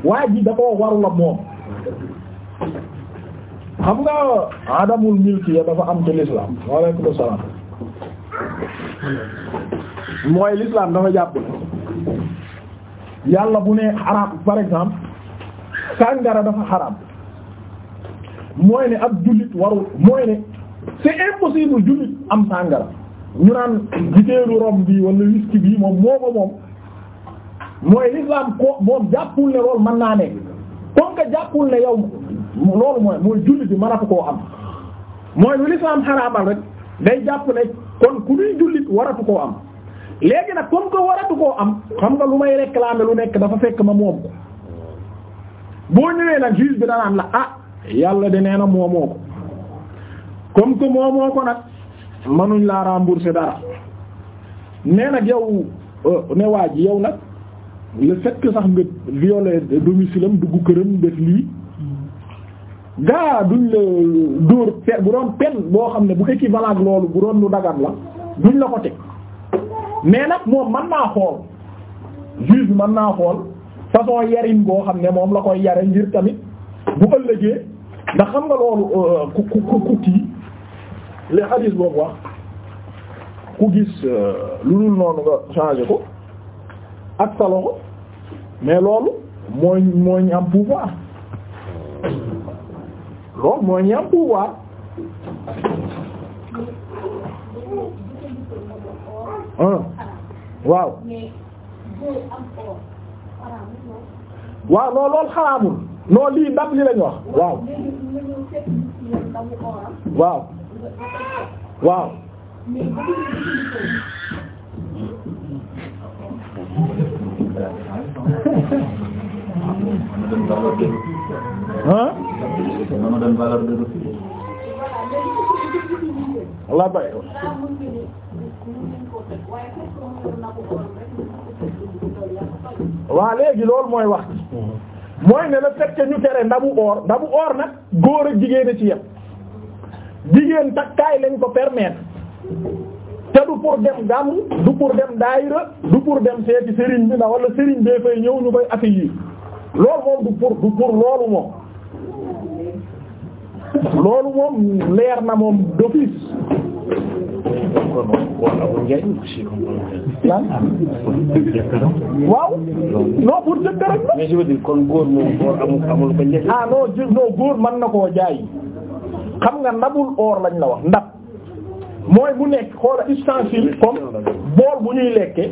waa ji da moom xam nga adamul milki ya dafa am ci l'islam waaleykum salaam mooy l'islam dafa jàpp yàlla bu ne xaraam par exemple sàngara dafa xaraam mooy ne ab jullit warul mooy ne c'est impossible jullit am sàngara ñu naan bitéelu rom bi wala whisky bi moom moo ko moom mooy l'islam ko moom jàppul ne loolu mën naa nekk comme que jàppul ne yow loolu mooy mooy jullit bi mënatu koo am mooy lu l'islam xaraamal rek day jàpp ne kon ku ñuy jullit waratu koo am léegi nag comme que waratu koo am xam nga lu may réclamer lu nekk dafa fekk ma moom ko boo ñëwee nag juge bi danaan la ah yàlla de nee na moomoo ko comme que moo moo ko nag mënuñ laa rembourser dara nee nag yow euh, ne waa yow nag le fait que sax nga violer domicile am dugg këram def lii gaa duñ la dóor pe bu doon pen boo xam ne bu équivalent ak loolu bu doon lu dagan la duñ la ko teg mais nag moom mën naa xool juge bi mën naa xool façon yarin boo xam ne moom la koy yare ngir tamit bu ëllëgee ndax xam nga loolu euh, ku ku ku li xadiis boobu wax ku gis euh, lu dul noonu nga changé ko ak sa loxo mais loolu mooy mooy ñu am pouvoir loolu mooy ñu am pouvoir waaw waaw non loolu xaraamul non lii ndab li lañ wax waaw waaw waaw ah la bay waa loolu mooy wax hmm. mooy ne la fekk ñu tere ndabu or ndabu or nag góor ak jigéen a ci jigéen takkaay lañ ko permettre te du pour dem gàmm du pour dem daayira du pour dem seeti sëriñ bi na wala sëriñ bee fay ñëw ñu koy accueillir loolu moom du pour du pour loolu moom loolu moom leer na moom d'office waaw non pour jëkkër rek mais je veux dire kon góor mën na koo jaay xam nga ndabul or lañ la wax ndab mooy bu nekk xoola ustensile comme bool bu ñuy lekke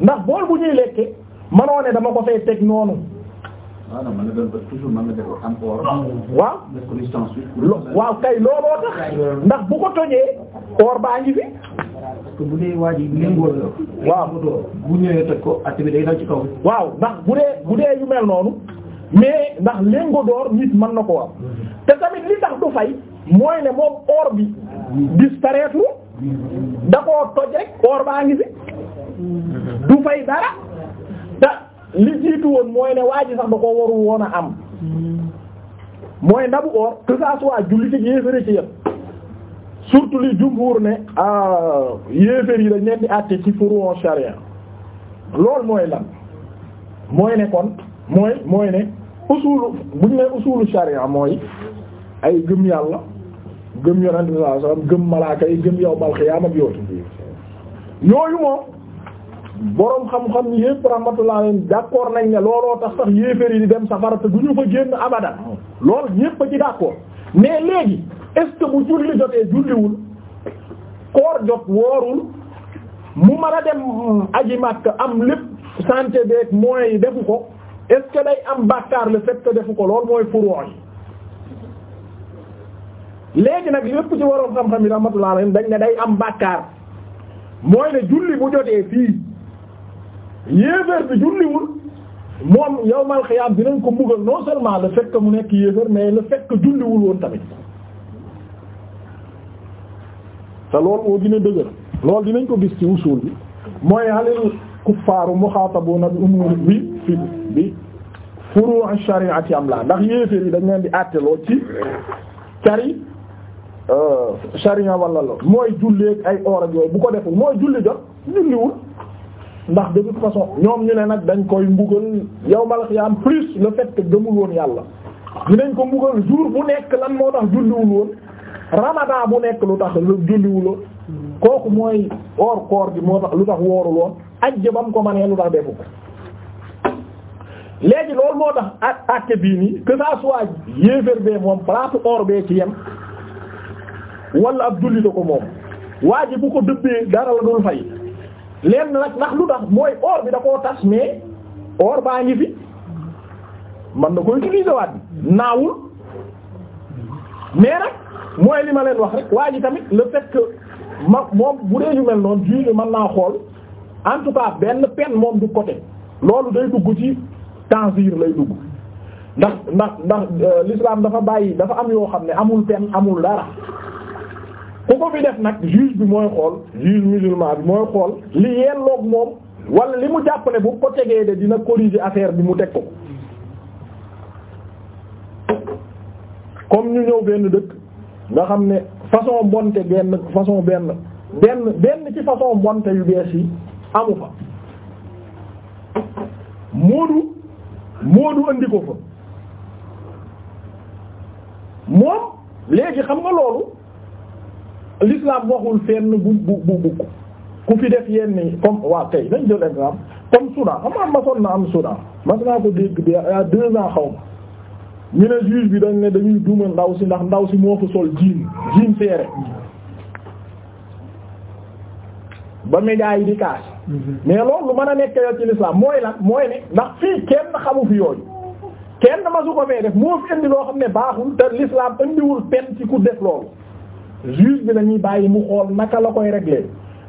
ndax bool bu ñuy lekke manoo ne dama ko fay teg noonu waaw ah man toujours man waaw waaw kay looloo ndax bu ko tojee or baa ngi fi. waa ji waaw bu ñëwee toj ndax bu dee bu dee yu mel noonu. mais ndax lingot d'or nit man na ko am te tamit li tax du fay mooy ne moom or bi disparaître da koo toj rek or baa ngi fi du fay dara te li jiitu woon mooy ne waa ji sax da ko waru woon a am mooy ndabu or que ça soit julli ci yéefare ci yépp surtout li jumhur ne euh, yéefar yi dañ leen di àtte ci furon charia loolu mooy lan mooy ne mooy mooy ne usulu buñ ne nee usulu sharia mooy ay gëm yàlla gëm yonent bi sallallahu alayhi gëm malaaka yi gëm yawmal xiyaama ak yooyu yooyu moom boroom xam-xam yépp rahmatullah alayhim d'accord nañ ne looloo tax sax yéeféer yi di dem safara te du ñu fa génn abadan lool ñépp a ci d'accord mais léegi est-ce que bu julli jotee julliwul koor jot woorul mu mën a dem aji màkk am lépp santé beeg moyens yi defu ko est-ce que day am bàkkaar le fait defu ko lool mooy furooy léegi nag lépp ci waroon xam-xam yi rahmatullah dañ ne day am bàkkaar mooy ne julli bu jotee fii yéeféer bi julliwul moom yow xiyaam dinañ ko mbugal non seulement le fait que mu nekk yéeféer mais le fait que julliwul woon tamit te loolu moo dina dëgër loolu dinañ ko gis ci usul bi mooy alil kuffaaru muxaatabuuna bi umuur bi fi bi furu' ash-shari'ati am la ndax yéeféer yi dañ leen di àtteloo ci cari euh, sharia wala la mooy julleeg ay or ak bu ko deful mooy julli jot julliwul ndax de toute façon ñoom ñu ne nag dañ koy mbugal yawmal qiyaam plus le fait que gëmul woon yàlla dinañ ko mbugal jour bu nekk lan moo tax julliwul woon ramadan bu nekk lu tax julliwul kooku mooy or koor gi moo tax lu tax woorul woon ajj ba mu ko lu tax defu ko léegi loolu moo tax ak àtte bii nii que ça soit bee moom plate or bee ci yem wala ab julli ko moom waa ji bu ko dëbbee dara la doon fay leen nag ndax lu tax mooy or bi da koo tas mais or baa ngi fi man na koy utiliser waat bi naawul mais nag mooy li ma leen wax rek waa ji tamit le ma moom bu dee yu mel noonu juge man naa xool en tout cas benn peine moom du côté loolu day dugg ci tanzir lay dugg ndax ndax ndax euh, l'islam dafa bàyyi dafa am yoo xam ne amul peine amul dara ku ko fi def nag juge bi mooy xool juge musulman bi mooy xool li yelloog moom wala li mu jàppale ne bu ko tegee de dina corriger affaire bi mu teg ko comme ñu ñëw benn dëkk nga xam ne. fason mbonte benn façon benn benn benn ci façon mbonte yu bees yi amu fa moodu moodu andi ko fa moom léegi xam nga loolu l'islam waxul fenn bu bu bu bu ku fi de yenn comme waa kay nañ jël exemple comme Soudan xam nga masoon na am Soudan mas naa ko dégg bi à xaw ma ñu ne juge bi dañ ne dañuy duma ndaw si ndax ndaw si moo fa sol jiin jiin seere ba média yi di kaas mhm. mais loolu lu mën a nekk yow ci l'islam mooy lan mooy ne ndax fii kenn xamu fi yooyu kenn masu ko fee def moo fi indi loo xam ne baaxul te l'islam indiwul pen ci ku def loolu juge bi lañuy bàyyi mu xool naka la koy régler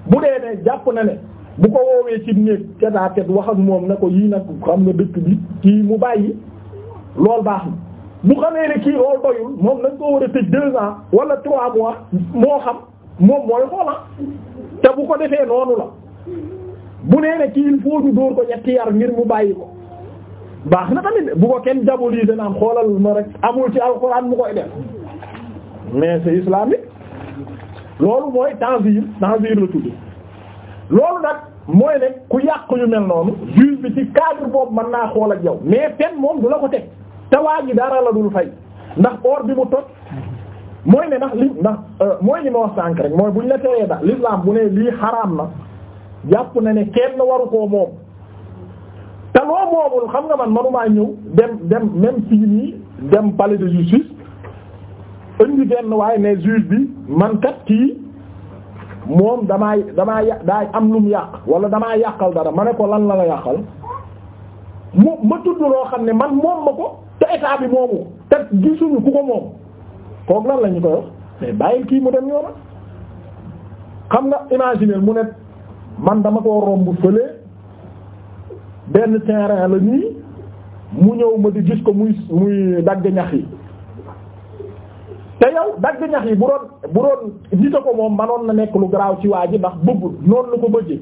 bu dee ne jàpp na ne bu ko woowee ci néeg tête à wax ak moom na ko yii nag xam nga dëkk bi kii mu bàyyi loolu baax na bu xamee ne kii loolu doyul moom dañ ko war a tëj deux ans wala trois mois moo xam moom mooy xoola te bu ko defee noonu la bu nee ne kii il faut ñu ko ñetti yar ngir mu bàyyi ko baax na tamit bu ko kenn jabul yi xoolal ma rek amul ci alxuraan mu koy def mais c'est loolu mooy tanzir tanzir la tudd loolu nag mooy ne ku yàq yu mel noonu juge bi ci cadre boobu mën naa xool ak yow mais pen moom du la ko teg te waa ji dara la dul fay ndax or bi mu toj mooy ne na li ndax euh, mooy li ma wax sànk rek mooy buñ la teree da l'islam bu ne lii xaraam na jàpp na ne kenn waru koo moom te moomul xam nga man manumaa ñëw dem dem même fii nii dem palais de justice indi benn waaye ne juge bi man kat kii moom damaa damaa yà daa am lu mu yàq wala damaa yàqal dara ma ne ko lan la la yàqal mu ma tudd loo xam ne man moom ma ko te état bi moomu te gisuñu ku ko moom kooku lan la ko koy mais bàyyil kii mu dem yoona xam nga imaginer mu ne man dama koo romb fële benn terrain la nii mu ñëw ma di gis ko muy muy dagg ñax yi te yow dagg ñax yi bu doon bu doon gisa ko moom manoon na nekk lu garaaw ci waa ji ndax bëggul noonu lu ko bëggee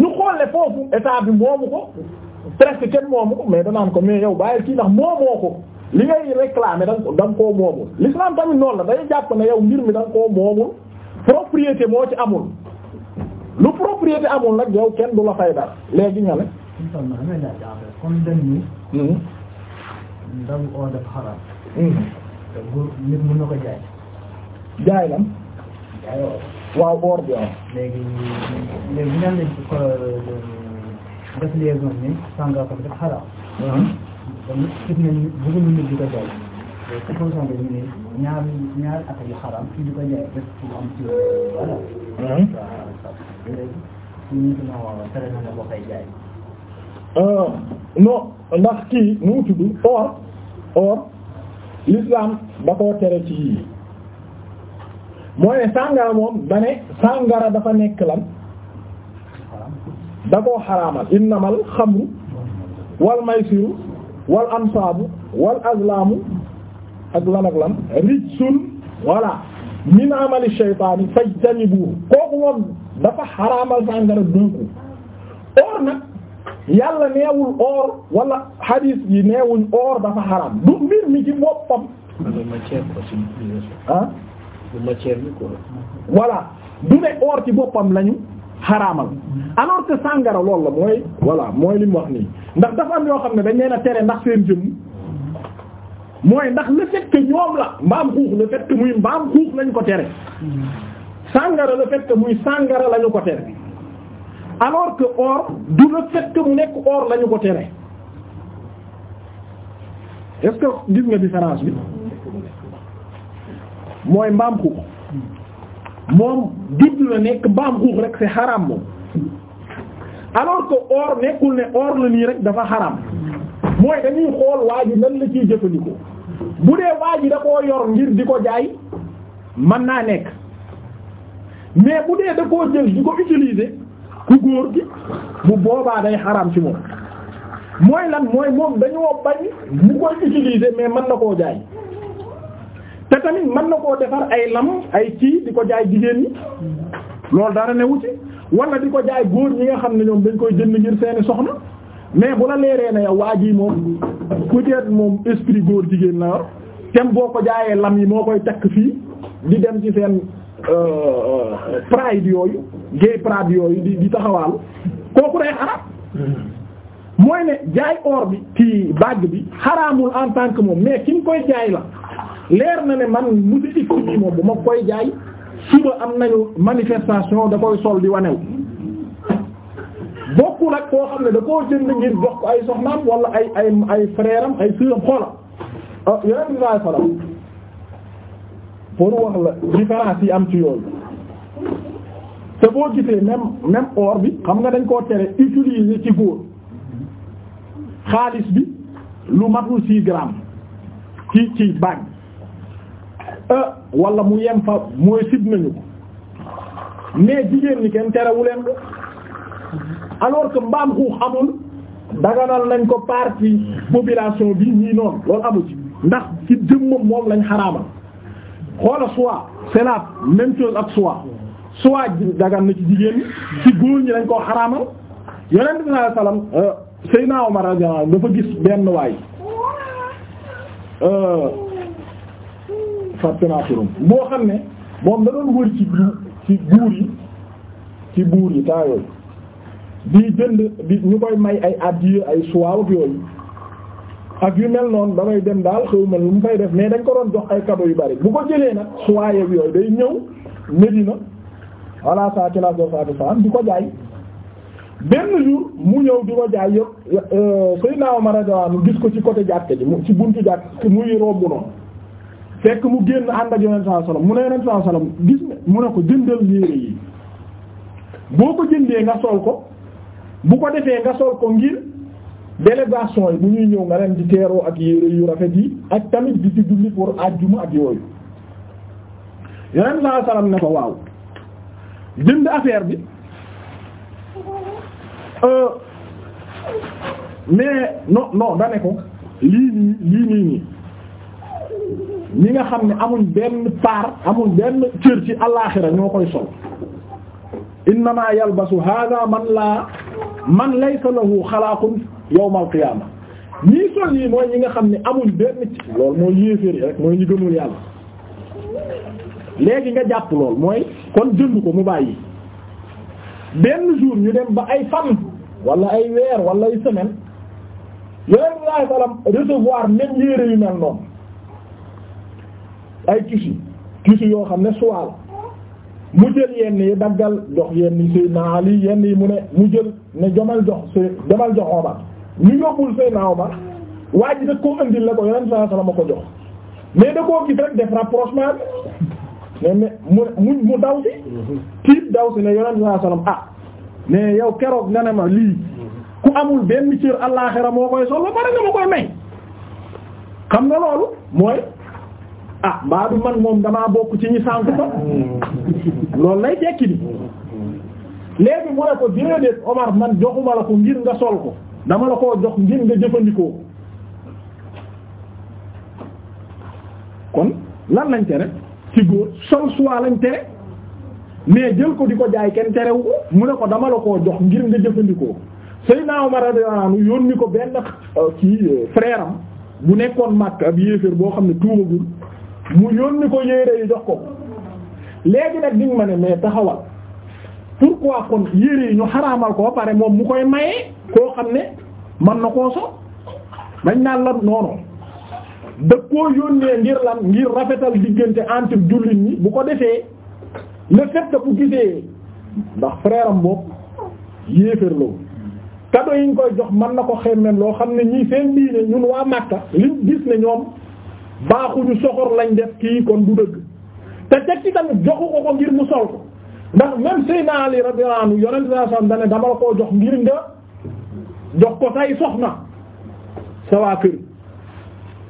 ñu xool foofu état bi moomu ko presque kenn moomu mais danaan ko mais yow bàyyi kii ndax moomoo ko li ngay koo moomul l'islam tamit noonu la day jàpp ne yow mbir mi da koo moomul propriété moo ci amul lu propriété amul nag yow kenn du la fay dara léegi nga ne. ndaw oo ko waaw or bi def liaison bi sànga ko def ndax kii nu mu tudd or or l'islam da tere ci mooy sàngara moom da ne sàngara dafa nekk lan da koo xaraamal innamal xamru wal maysiru wal ansaabu wal azlaamu ak lan ak lan rijsun voilà min amali shaytaani fajtanibuhu kooku moom dafa xaraamal sàngara dunku or nag yàlla neewul or wala hadis yi neewuñ or dafa xaraam du mbir mi ci boppam ah voilà du ne or boppam lañu xaraamal alors que sàngara loolu la mooy voilà mooy li wax nii ndax dafa am yoo xam ne dañ leen a tere ndax seen jëm mooy ndax le fait ñoom la mbaam xuux le fait muy mbaam xuux lañ ko tere sàngara le fait que muy sàngara lañu ko tere alors que or du le fait mu nekk or lañu ko tere est-ce que gis nga différence bi mooy mbaam xuux moom juddu la nekk baam xuux rek c'est xaraam moom alors que or nekkul ne or la nii rek dafa xaraam mooy dañuy xool waa ji nan la ciy jëfandikoo bu dee waa ji da koo yor ngir di ko jaay mën naa nekk mais bu dee da koo jël di ko utilise ku góor gi bu boobaa day xaraam ci moom mooy lan mooy moom dañoo bañ mu koy utiliser mais mën na koo jaay te tamit mën na koo defar ay lam ay ci di ko jaay jigéen ñi loolu dara newu ci wala di ko jaay góor ñi nga xam ne ñoom dañ koy jënd ngir seeni soxna mais bu la leeree ne waa ji moom peut-être moom esprit góor jigéen la yor tem boo ko jaayee lam yi moo koy takk fii di dem ci seen euh, euh, pride yooyu gay pride yooyu di di taxawaalu kooku day xaraam mooy ne jaay or bi ci bague bi xaraamul en tant que moom mais ki koy jaay la leer na ne man mu di dikk nii moom bu ma koy jaay suba am nañu manifestation da koy sol di wanew bokkul ak koo xam ne da koo jënd ngir jox ko ay soxnaam wala ay ay ay ay sœur am xoola ah yeneen yi am ci yooyu te boo gisee même même or bi xam nga dañ koo tere utiliser ci góor xaalis bi lu matul six grammes ci ci bague Euh, wala mu yem fa mooy sib nañu ko mais jigéen ñi kenn terewu leen ko alors que mbaam xuux amul daganal nañ ko partie population bi ñii noonu loolu amu ci ndax ci jëmmam moom lañ xaraamal xoola soit c'est la même chose ak soit soit dagan na ci jigéen ñi ci góor ñi lañ koo xaraamal yonent bi sallallahu alayhi wasallam euh, Seydina Omar radiyallahu anhu dafa gis benn waay euh, fàtte boo xam ne moom da doon wër ci ci buur yi ci buur yi temps yooyu jënd di ñu koy may ay addiye ay suwaaw ak yooyu ak yu mel noonu damay dem daal mu fay def mais dañ ko doon jox ay cadeau yu bari bu ko jëlee nag suwaaye yooyu day ñëw Medina voilà saa ci laaj boo di ko jaay. benn jour mu ñëw di ko jaay yëpp euh, Seydina Omar ma anhu gis ko ci côté jàkka ji mu ci buntu jàkka muy romb noonu. fekk mu génn ànd ak yonent sallallahu alayhi mu ne ko jëndal yére yi boo ko jëndee nga sol ko bu ko defee nga sol ko ngir délégation yi mu ñuy ñëw nga leen di teeroo ak yére yu rafet yi ak tamit bi ci julli pour àjjuma ak yooyu yonent sallallahu alayhi wasallam ne ko waaw jënd affaire bi euh, mais non non da ko lii nii lii nii nii ñi nga xam ne amuñ benn part amuñ benn cër ci alaaxira ñoo koy sol innama yalbasu hada man laa man laysa lahu xalaaqun yawmal qiyaama ñii sol yi mooy ñi nga xam ne amuñ benn ci loolu mooy yéeféer yi rek mooy ñu gëmul yàlla léegi nga jàpp lool mooy kon jënd ko mu bàyyi benn jour ñu dem ba ay fam wala ay weer wala ay semaine yooyu laay salam recevoir même yére yu mel noonu ay tissu tissu yoo xam ne soie la mu jël yenn yi daggal jox yenn yi Seydina Ali yenn yi mu ne mu jël ne jomal jox Sey jomal jox Omar ñu yóbbul Seydina Omar waa ji da koo andil la ko yeneen saa sala ma ko jox da daw si tiit daw si ah, mais yow keroog nga ne ma lii ku amul benn cër àllaaxira moo koy sol ba nga ma koy may xam nga loolu mooy. ah mbaa du man moom damaa bokk ci ñi sànk ko loolu lay tekki ni léegi mu ne ko déedéet Omar man joxuma la ko ngir nga sol ko dama la koo jox ngir nga jëfandikoo kon lan lañ tere ci góor sol suwaa lañ tere mais jël ko di ko jaay kenn terewu ko mu ne ko dama la ko jox ngir nga jëfandikoo Seydina Omar radiyallahu anhu yónni ko benn ci euh, euh, frère am bu nekkoon màkk ab yéeféer boo xam ne tuubagul mu yónni ko yére yi jox ko léegi nag diñ ma ne mais taxawal pourquoi kon yére yi ñu xaraamal ko pare moom mu koy maye koo xam ne man na koo so dañ naan lan noonu da koo yónnee ngir lan ngir rafetal diggante entre jullit ñi bu ko defee le fait que bu gisee ndax frère am boobu yéeféer la kado yi ñu koy jox man na ko xemmem loo xam ne ñii seen diine ñun waa Makka liñ gis ne ñoom baaxuñu soxor lañ def kii kon bu dëgg te teg ci tamit joxu ko ko ngir mu sol ko ndax même Seydina naa radiyallahu anhu yonent sallallahu alayhi wasallam dama la koo jox ngir nga jox ko say sox na waa kër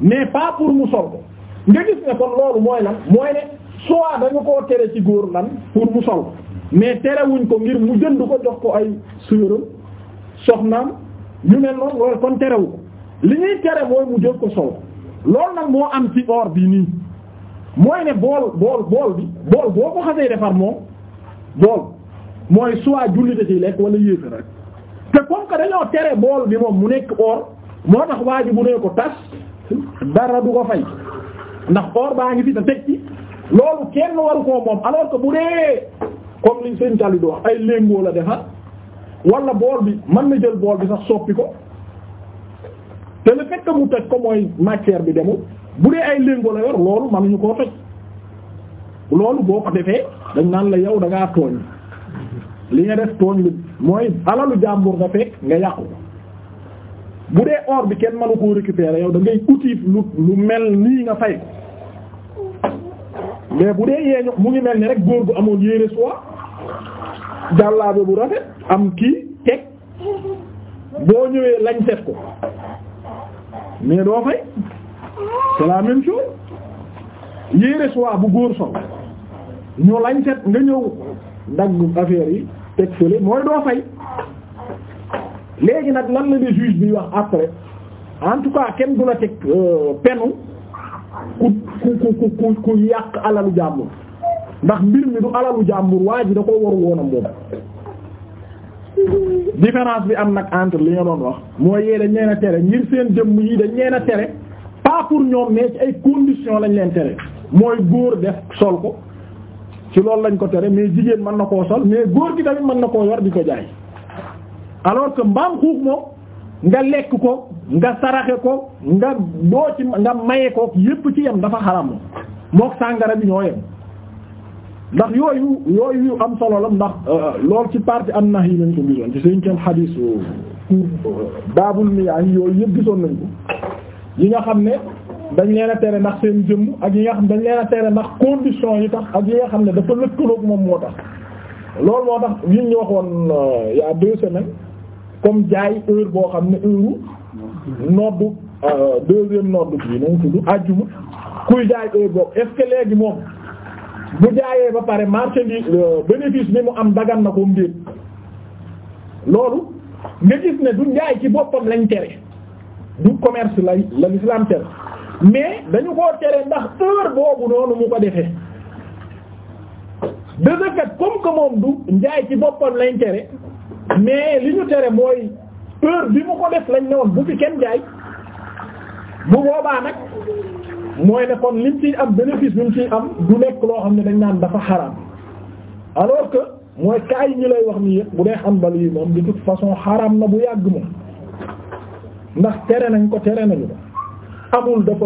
mais pas pour mu sol ko nga gis ne kon loolu mooy lan mooy ne soit dañu koo tere ci góor lan pour mu sol ko mais terewuñ ko ngir mu jënd ko jox ko ay suyuram soxnaam ñu mel noonu loolu kon terewu ko li ñuy tere mooy mu jël ko sol loolu nag moo am ci or bi nii mooy ne bool bool bool bi bool boo ko xasee defar moom bool mooy soit jullit a ciy lekk wala yéefar rek te comme que dañoo tere bool bi moom mu nekk or moo tax waa ji bu nee ko tas dara du ko fay ndax or baa ngi fi te teg ci loolu kenn waru koo moom alors que bu dee comme liñ seen tali di wax ay léngoo la defar wala bool bi mën na jël bool bi sax soppi ko te le mu toj ko mooy matière bi demul bu dee ay lingots la yor loolu ñu koo toj loolu boo ko defee dañ naan la yow dangaa ngaa tooñ li nga def tooñ bi mooy alalu jàmbur nga fekk nga yàqu ko bu dee or bi kenn mënu koo récupérer yow da ngay uti lu lu mel nii nga fay ko mais bu dee yeeñu mu ngi mel ni rek góor gu amoon yére soie jàllaabe bu rafet am kii teg boo ñëwee lañ set ko. mais doo fay c'est la même yére soit bu góor sol ñu lañ set nga ñëw dagg affaire yi teg fële mooy doo fay léegi nag lan la de juge bi wax après en tout cas kenn du la teg euh, penu ku ku ku ku ku yàq alalu jàmbur ndax mbir mi du alalu jàmbur waa ji da ko waru woon a différence bi am nag entre li ñu doon wax mooy yee dañ leen a tere ngir seen jëmm yi dañ leen a tere pas pour ñoom mais ci ay conditions lañ leen tere mooy góor def sol ko ci loolu lañ ko tere mais jigéen mën na koo sol mais góor gi tamit man na koo yor di ko jaay alors que mbaam xuux moom nga lekk ko nga saraxe ko nga boo ci nga maye ko yépp ci yem dafa xaram moom mook sàngara bi ñoo yem ndax yooyu yooyu yu am solo la ndax euh, lool ci partie am nax yi lañ ko gisoon ci cinquième hadith pour baabul miyaah yooyu yëpp gisoon nañ ko yi nga xam ne dañ leen a tere ndax seen jëmm ak yi nga xam dañ leen a tere ndax condition yi tax ak yi nga xam ne dafa lëkkaloog moom moo tax lool moo tax yi ñu waxoon euh, il a deux semaines comme jaay heure boo xam ne heure noddu euh, deuxième noddu bi noonu tudd àjjuma kuy jaay heure boobu est-ce léegi moom bu jaayee ba pare marchandise euh, bénéfice bi mu am dagan na ko mbir loolu nga gis ne du jaay ci boppam lañ tere du commerce la la l'islam tere mais dañu koo tere ndax heure boobu noonu mu ko defe de ce fait comme que du njaay ci boppam lañ tere mais li ñu tere mooy heure bi mu ko def lañ ne woon bu fi kenn jaay bu boobaa nag mooy ne kon lim ciy am bénéfice bi mu ciy am du nekk loo xam ne dañ naan dafa xaraam alors que mooy cas yi ñu lay wax nii yëpp bu dee xambal yi moom de toute façon xaraam na bu yàgg moom ndax tere nañ ko tere nañu ko amul dafa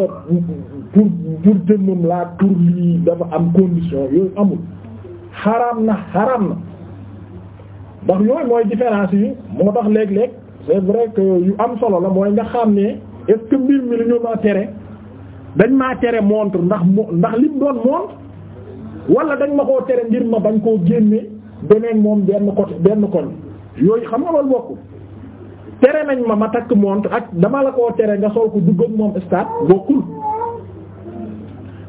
pour pour jëmmam laa pour lii dafa am condition yooyu amul xaram na xaraam na ndax yooyu mooy différence yi moo tax léeg-léeg c'est vrai que yu am solo la mooy nga xam ne est-ce que mbir mi lu ñu ma tere dañ maa tere montre ndax mo ndax lim doon montre wala dañ ma ko tere ngir ma bañ koo génne beneen moom benn ko benn kon yooyu xam nga loolu bokkul tere nañ ma ma takk montre ak dama la koo tere nga sol ko dugg moom stade bokkul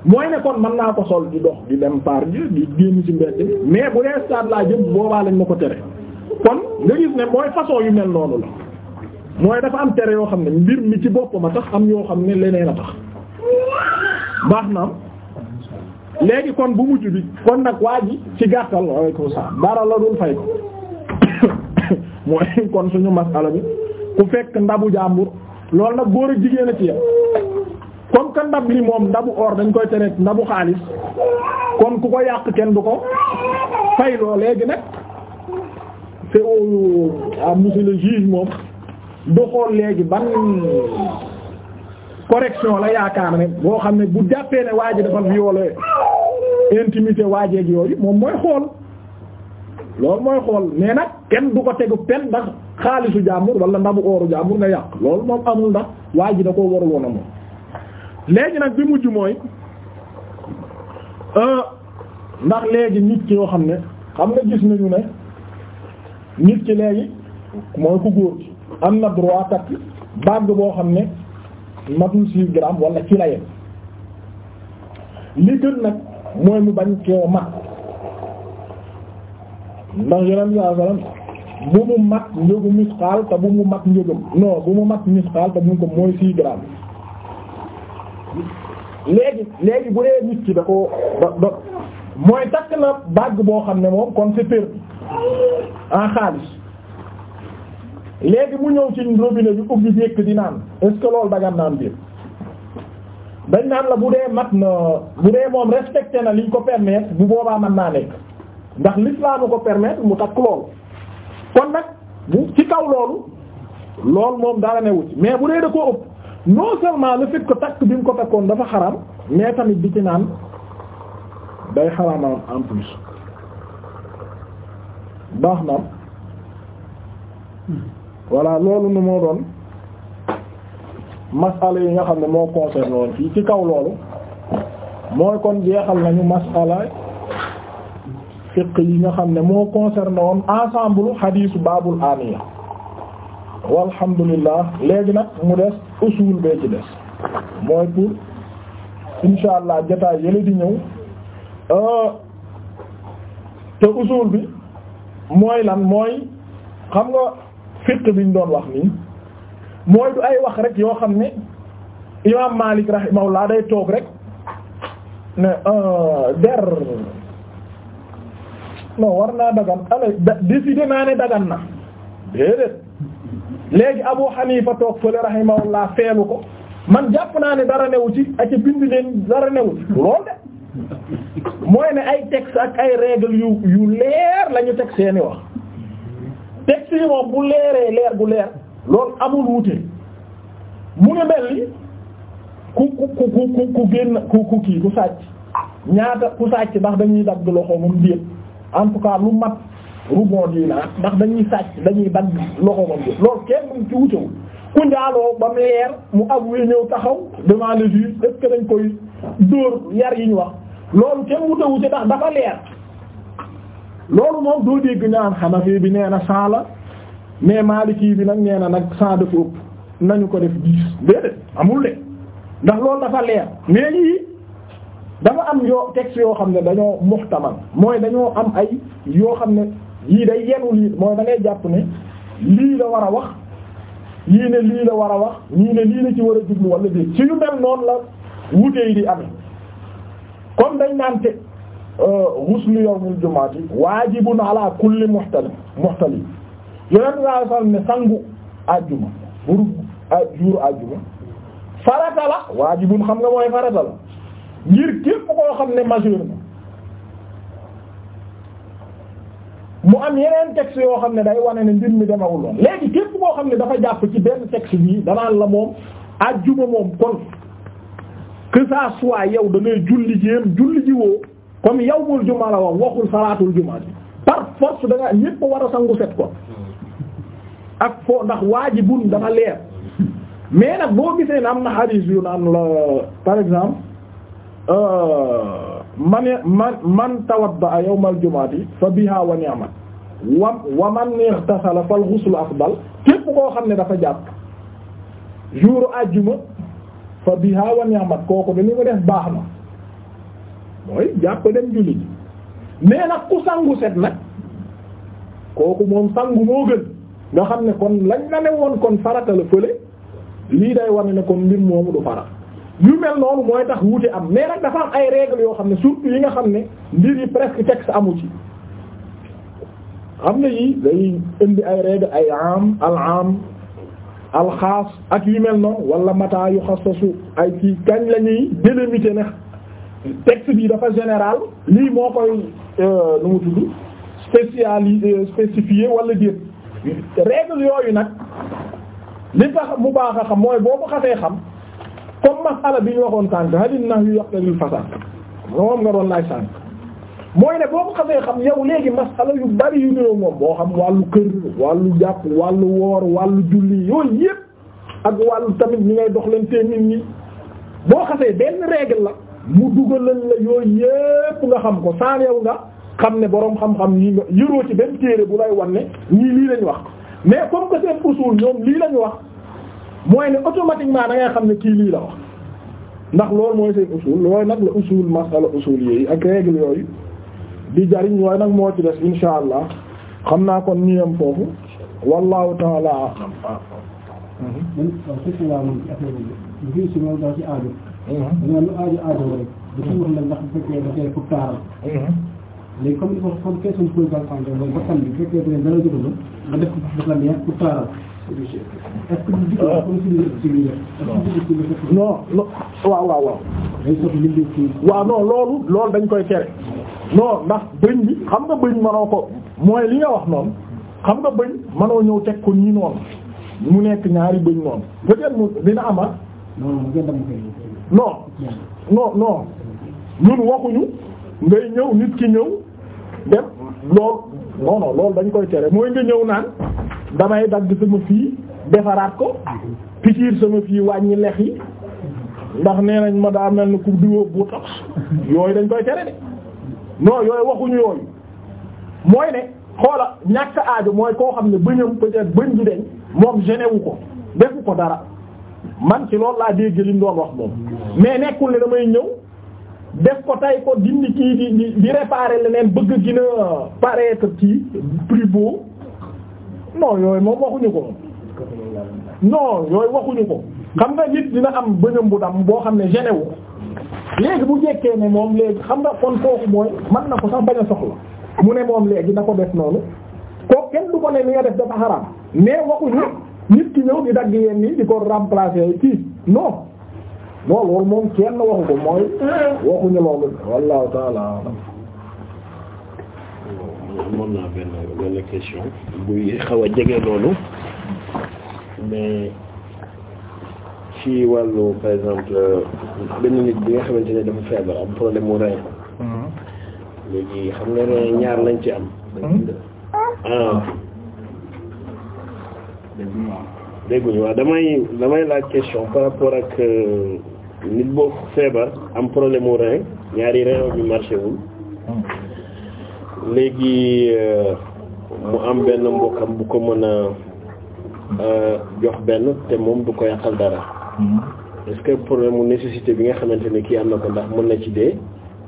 mooy ne kon mën ko sol di dox di dem par di di génn mais bu dee stade laa jëm boobaa lañ ma ko tere kon nga gis ne mooy façon yu mel noonu am tere yoo xam ne mbir mi ci boppam a tax am yoo xam ne leneen a tax baax na léegi kon bu mujj bi kon nag waa ji ci gàttal waaleykum salaam dara la dul fay ko mooy kon suñu masala bi ku fekk ndabu jàmbur loolu nag góor ak jigéen a ci yam comme que ndab li moom ndabu or dañ koy tere ndabu xaalis kon ku ko yàq kenn du ko fay loo léegi nag c'est au à le juge moom du léegi ban correction la yaakaar ne boo xam ne bu jàppee ne waa ji dafa violé intimité waajeeg yooyu moom mooy xool loolu mooy xool mais nag kenn du ko tegu pen ndax xaalisu jàmbur wala ndabu ooru jàmbur nga yàq loolu moom amul ndax waa ji da koo warul woon a moom léegi nag bi mujj mooy euh, ndax léegi nit ki yoo xam ne xam nga gis nañu ne nit ki léegi mooy ku góor am na droit kat bàgg boo xam ne matul six grammes wala ci la nag mooy mu bañ koo mat ndax yeneen saa salaam bu mu mat njëgu misxaal te bu mu mat njëgam non bu mu mat misxaal te bu mu ko mooy six grammes léegi léegi bu dee nit ki da ko da mooy takk na bàgg boo xam ne moom kon c'est perdu en xaalis léegi mu ñëw ci robinet bi ubbi yëkk di naan est ce que loolu naan biir dañ naan la bu dee mat na bu dee moom respecté na liñ ko permettre bu boobaa man naa nekk ndax l'islam ko permettre mu takk loolu kon nag bu ci kaw loolu loolu moom dara newu ci mais bu dee da koo ëpp non seulement le fait que takk bi mu ko takkoon dafa xaram mais tamit bi ci naan day xaraam en plus baax na voilà loolu nu moo doon masala yi nga xam ne moo concerne woon fii ci kaw loolu mooy kon jeexal nañu masala fiq yi nga xam ne moo concerne woon ensemble xadiisu baabul aniya walhamdulillah léegi nag mu des usul bee ci des mooy pour insha allah jotaay yële di ñëw euh, te usul bi mooy lan mooy xam nga fiqh biñ doon wax nii mooy du ay wax rek yoo xam ne imaam Maalik laa day toog rek ne euh, der non war naa dagan allay ah, décidé naa ne dagan na déedéet léegi Abu Hanifa toog fële rahimahullah feelu ko man jàpp naa ne dara newu ci ak bind leen dara new ci lool de mooy ne ay texte ak ay règle yu yu leer lañu teg seeni wax texte yi moom bu leeree leer bu leer loolu amul wuute mu ngi mel ku ku ku ku ku génn ku ku kii ku sàcc ñaata ku sàcc ndax dañuy dagg loxo moom déet en tout cas lu mat rebondir na ndax dañuy sàcc dañuy dagg loxo moom déet loolu kenn ci wutewul ku njaaloo ba mu leer mu avoué ñëw taxaw devant le juge est-ce koy dóor yar yi ñu wax loolu kenn wutewul ci ndax dafa leer loolu moom doo dégg ñaan Hanafi bi nee na cent la mais Maliki bi nag nee na nag cent dafa ëpp nañu ko def dix déedéet amul de ndax loolu dafa leer mais yii dafa am yoo texte yoo xam ne dañoo muxtamal mooy dañoo am ay yoo xam ne yii day yenu lii mooy da ngay jàpp ne lii la war a wax yii ne lii la war a wax ñii ne lii la ci war a jublu wala déet ci yu mel noon la wute yi di amee comme dañ naan te ghuslu euh, yawmil jumu'ati waajibun ala kulli muhtalim muhtalim yonent bi sallallahu alayhi wasallam ne sangu ajjuma pour jour ajjuma farata la waajibun xam nga mooy farata la ngir képp koo xam ne majeur na mu am yeneen texte yoo xam ne day wane ne mbir mi demawul woon léegi képp koo xam ne dafa jàpp ci benn texte bii danaan la moom ajjuma moom kon que ça soit yow da ngay julli jéem julli ji woo comme yawmul juma la wax waxul salaatul juma par force da nga ñépp war a sangu set ko ak foo ndax waajibun dafa leer mais nag boo gisee ne am na hadith yu naan la par exemple euh, man man man tawadda yawmal jumu'ati fa biha wa ni'mat wa wa man ightasala fal ghuslu afdal képp koo xam ne dafa jàpp jour ajjuma fa biha wa ni'mat kooku dañu ko def baax na mooy jàpp dem julli ji mais nag ku sangu set nag kooku moom sangu moo gën nga xam ne kon lañ na ne woon kon farata la fële lii day wane ne kon mbir moomu du farata yu mel noonu mooy tax wuti am mais nag dafa am ay règles yoo xam ne surtout yi nga xam ne mbir yi presque texte amu ci xam ne yi day indi ay règles ay am al am alxaas ak yu mel noonu wala mata yu xasasu ay kii kañ la ñuy ne texte bi dafa général lii moo koy euh, nu mu tudd spécialisé spécifié wala déet règle yooyu nag li tax mu baax a xam mooy boo ko xasee xam comme masala bi ñu waxoon sànq hadin na yu yaqtalil fasad moom nga doon laaj sànq mooy ne boo ko xasee xam yow léegi masala yu bari yu nuyoo moom moo xam wàllu kër wàllu jàpp wàllu woor wàllu julli yooyu yëpp ak wàllu tamit ñi ngay dox leen nit ñi boo xasee benn règle la mu dugalal la yooyu yépp nga xam ko sans nga xam ne boroom xam-xam ñi nga yëroo ci benn téere bu lay wan ne lii lañ wax mais comme que seen usul ñoom lii lañ wax mooy ne ma da ngay xam ne kii lii la wax ndax loolu mooy seen usul loolu nag la usul masala usul yooyu ak règle yooyu di jariñ yooyu nag moo ci des insha allah xam naa ko ñu yem foofu wallahu ta'ala a'lam mm-hmm. mais lu aajo aajo rek. léegi comme ko def la neex pour taaral. est-ce que du jikko comme waaw waaw waaw. day loolu loolu dañ koy tere. non ndax bëñ bi xam nga bëñ mënoo ko mooy li nga wax noonu xam nga bëñ mënoo ñëw teg ko nii noonu mu nekk ñaari bëñ noonu peut-être mu dina ama. non non non ñun waxuñu ngay ñëw nit ki ñëw dem lool non non loolu dañ koy tere mooy nga ñëw naan damay dagg sama fii defaraat ko pikiir sama fii wàññi lex yi ndax nee nañ ma daa mel ni ku diwoo bu tax yooyu dañ koy tere de non yooyu waxuñu yooyu mooy ne xoola ñàkk aajo mooy koo xam ne bëñam peut-être bëñ bi deñ moom genewu ko defu ko dara man ci loolu laa dégg li mu doon wax moom mais nekkul ne damay ñëw def ko tay ko dindi kii di di di réparer leneen bëgg gën a paraître ci plus beau yooyu moom waxuñu ko no yooyu waxuñu ko xam nga nit dina am bëñam bu dam boo xam ne gêné wu léegi bu jekkee ne moom léegi xam nga kon kooku mooy man na ko sax bañ a soxla mu ne moom léegi na ko def noonu kooku kenn du ko ne li nga def dafa xaraam mais waxuñu nit ki ñëw di dagg yenn yi di ko remplacer kii non non loolu moom kenn waxu ko mooy waxuñu loolu wallahu taala moom naa benn benn question buy xaw a jege loolu mais ci wàllu par exemple benn nit bi nga xamante ne dafa feebar am problème mu rein mhm. léegi xam nga rein ñaar lañ ci am mhm. ah dégguñu waaw damay damay laaj question par rapport ak euh, nit boo feebar am problème mu rein ñaari rein bi marché wul léegi euh, mu am benn mbokkam bu ko mën a euh, jox benn te moom du ko yàqal dara est-ce que problème nécessité bi nga xamante ni kii am na ko ndax mën na ci dee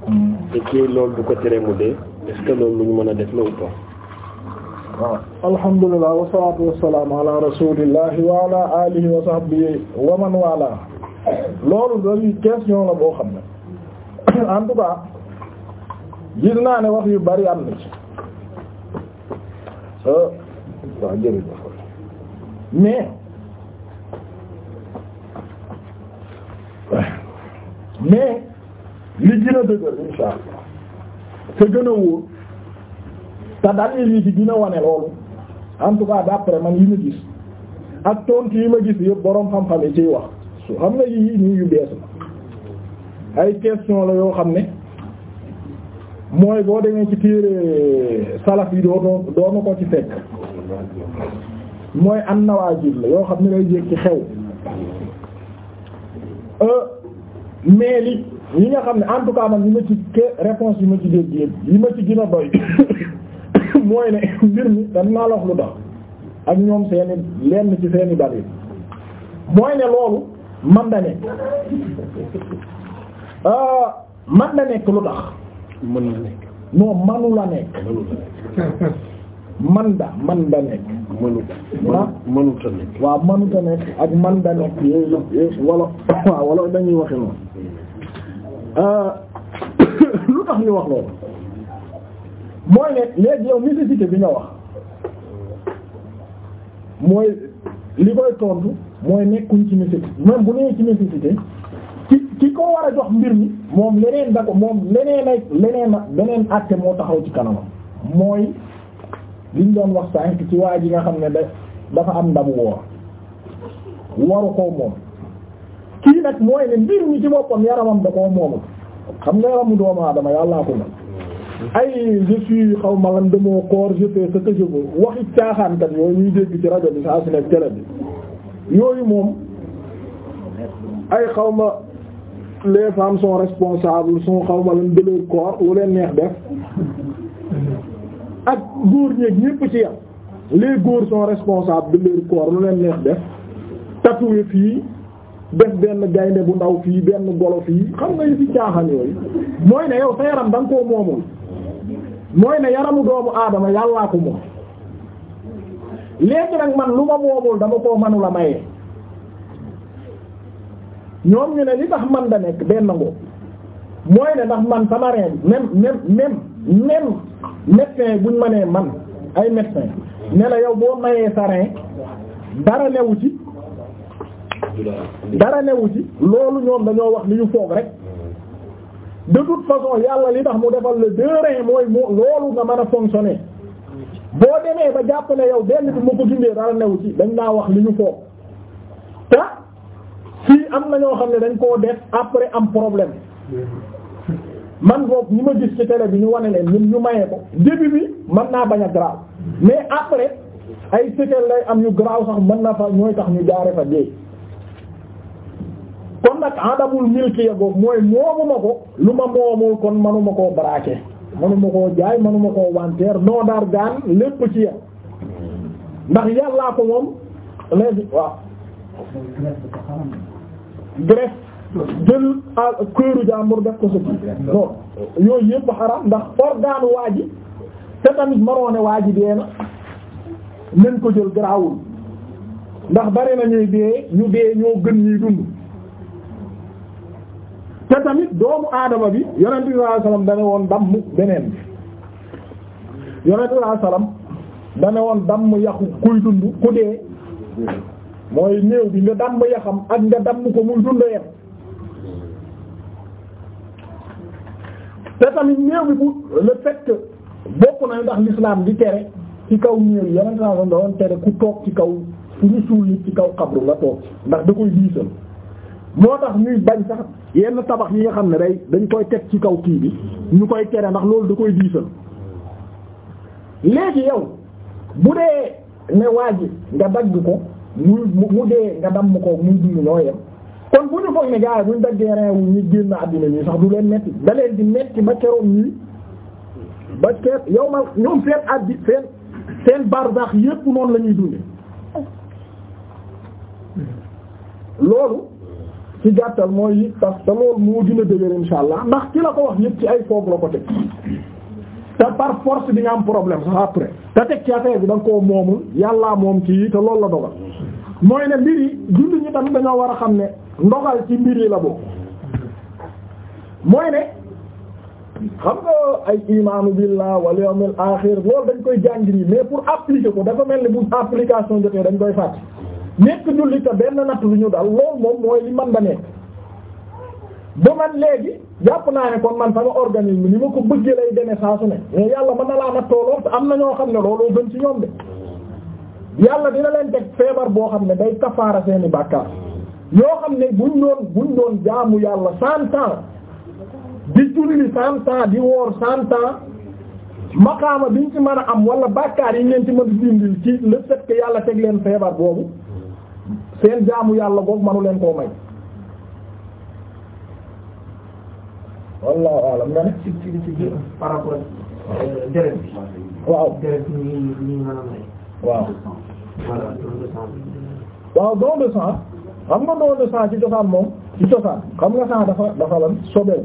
mm. te kii loolu du ko tere mu dee est-ce que loolu lu ñu mën a def la ou alhamdulillah wasalatu wasalaamu ala rasulillah wa ala alihi wa sahbihi wa man wala loolu dañuy question la boo xam ne en tout cas gis naa ne wax yu bari am na ci waaw jërëjëf mais mais gën a dëgër insha gën a wóor te dalil yi ci dina wane loolu en tout cas d'après man yi ma ak tontu yi ma gis yëpp boroom xam-xam yi ciy wax su xam nga yu bees la ay question la yoo xam ne mooy boo demee ci téere salaf yi doonoo doonu ko ci fekk mooy am nawaajib la yoo xam ne lay jéeg ki xew euh, mais li yi nga xam ne en tout cas man yi ma ci ke réponse yi ma ci gin yi ma ci gën a boy mooy ne mbir mi dañ naa la wax lu tax ak ñoom seeni lenn ci seeni dalil mooy ne loolu man da nekk euh, man da nekk lu tax mën na nekk la nekk man da man da nekk mënut ah. nekk waaw mënut nekk ak man da nekk yooyu yëpp wala waaw wala dañuy waxe noonu euh, lu tax ñu wax loolu mooy ne léegi yow nécessité bi nga wax mooy li koy tontu mooy nekkuñ ci nécessité même bu nee ci nécessité ci ci ko war a jox mbir mi moom leneen da ko moom leneen ay leneen a leneen àtte moo taxaw ci kanamam mooy liñ doon wax sànq ci waa ji nga xam ne da dafa am ndamu woor waru ko moom kii nag mooy ne mbir mi ci boppam yaramam da koo moomul xam nga yaramu doomu aadama yàllaa ko moom ay je suis xaw ma lan demoo koor je fais ce que je veux waxi yooyu ñuy dégg ci rajo bi saa su nekk télé yooyu moom ay xawma ma les femmes sont responsables sont xaw ma lan de leur corps lu leen neex def ak góor ñeeg ñépp ci yam les góor son responsables de leur corps lu leen neex def tatoué fii def benn gaynde bu ndaw fii benn golo fii xam nga yi ci caaxaan yooyu mooy ne yow sa yaram da koo moomul mooy ne yaramu doomu aadama yàllaa ko moom léegi nag man lu ma moomul dama koo mënula maye ñoom ñu ne li tax man da nekk benn ngoo mooy ne ndax man sama reen même même même même médecin buñ ma nee man ay médecin ne la yow boo mayee sa reen dara newu ci dara newu ci loolu ñoom dañoo wax li ñu foog rek de toute façon yàlla li tax mu defal le deux reins mooy loolu nga mën a fonctionner boo demee ba jàpp ne yow benn bi mu ko dindee dara new ci dañ naa wax li ñu foog te fii am na ñoo xam ne dañ koo def après am problème man boobu ñi ma gis ci télé bi ñu wane leen ñun ñu mayee ko début bi mën naa bañ a garaaw mais après ay séquelles lay am ñu garaaw sax mën na fa ñooy tax ñu jaare fa dee kon nag adamul milki ya boobu mooy moomuma ko lu ma moomul kon manuma ko braquer manuma koo jaay manuma koo wanteer noo daar lépp ci ya ndax yàllaa ko moom léegi waaw greffe jël këru jàmbur def ko sa yooyu yëpp xaram ndax organe waa ji te tamit maroone waa ji dee na nañ ko jël garaawul ndax bari na ñuy dee ñu dee ñoo gën ñuy dund te tamit doomu aadama bi yonent bi sallallahu alayhi wasallam dane woon damm beneen bi yonent bi sallallahu alayhi wasallam dane woon damm yaxu kuy dund ku dee mooy néew bi nga damm yaxam ak nga damm ko muy dund yem te tamit néew bi bu le fait bokk na ndax l'islam di tere ci kaw néew yi yonent bi sallallahu alayhi woon tere ku toog ci kaw ku ñu suul nit ci kaw xabru nga toog ndax da koy diisal moo tax ñuy bañ sax yenn tabax yi nga xam ne rey dañ koy teg ci kaw kii bi ñu koy tere ndax loolu da koy diisal léegi yow bu dee ne waa ji nga dagg ko muy mu dee nga damm ko muy dund ñoo yem kon bu ñu foog ne gars yi bu ñu daggee reewu ñu génn àddina ñi sax du leen metti da di metti ba keroog ñuy ba keroog yow ma ñoom seen addi seen seen barzax yépp noonu lañuy ñuy loolu ci gàttal mooy yi tax te loolu moo dina dëgër insha allah ndax ki la ko wax yëpp ci ay foog la ko teg te par force di nga am problème sax après te teg ci affaire bi da nga koo moomul yàllaa moom ci te loolu la dogal mooy ne mbir yi jullit ñi tamit dañoo war a xam ne ndogal ci mbir yi la bokk mooy ne xam nga ay imaanu billah wal yawmil aaxir loolu dañ koy jàng nii mais pour appliquer ko dafa mel ni bu application jotee dañ koy fàtte nekk jullit te benn natt moom mooy li man da nekk ba man léegi jàpp naa ne kon man sama organisme ni ma ko bëggee lay deme saa su ne mais yàlla mën na laa na tooloo am na ñoo xam ne looloo gën ci ñoom de yàlla dina leen teg feebar boo xam ne day kafaara seeni bàkkaar yoo xam ne buñ doon buñ doon jaamu yàlla cent ans di julli cent ans di woor cent ans maqaama biñ ci mën a am wala bàkkaar yi ngeen ci mën a dindil ci le fait que yàlla teg leen feebar boobu seen jaamu yàlla boobu manu leen koo may wallahu alam nga ne ci ci ci par rapport euh, deret bi waaw deret bi ñu ñu mën a may waaw voilà don de sang waaw don de sang xam nga don de sang ci cosaan moom ci cosaan xam nga sang dafa dafa lan sobee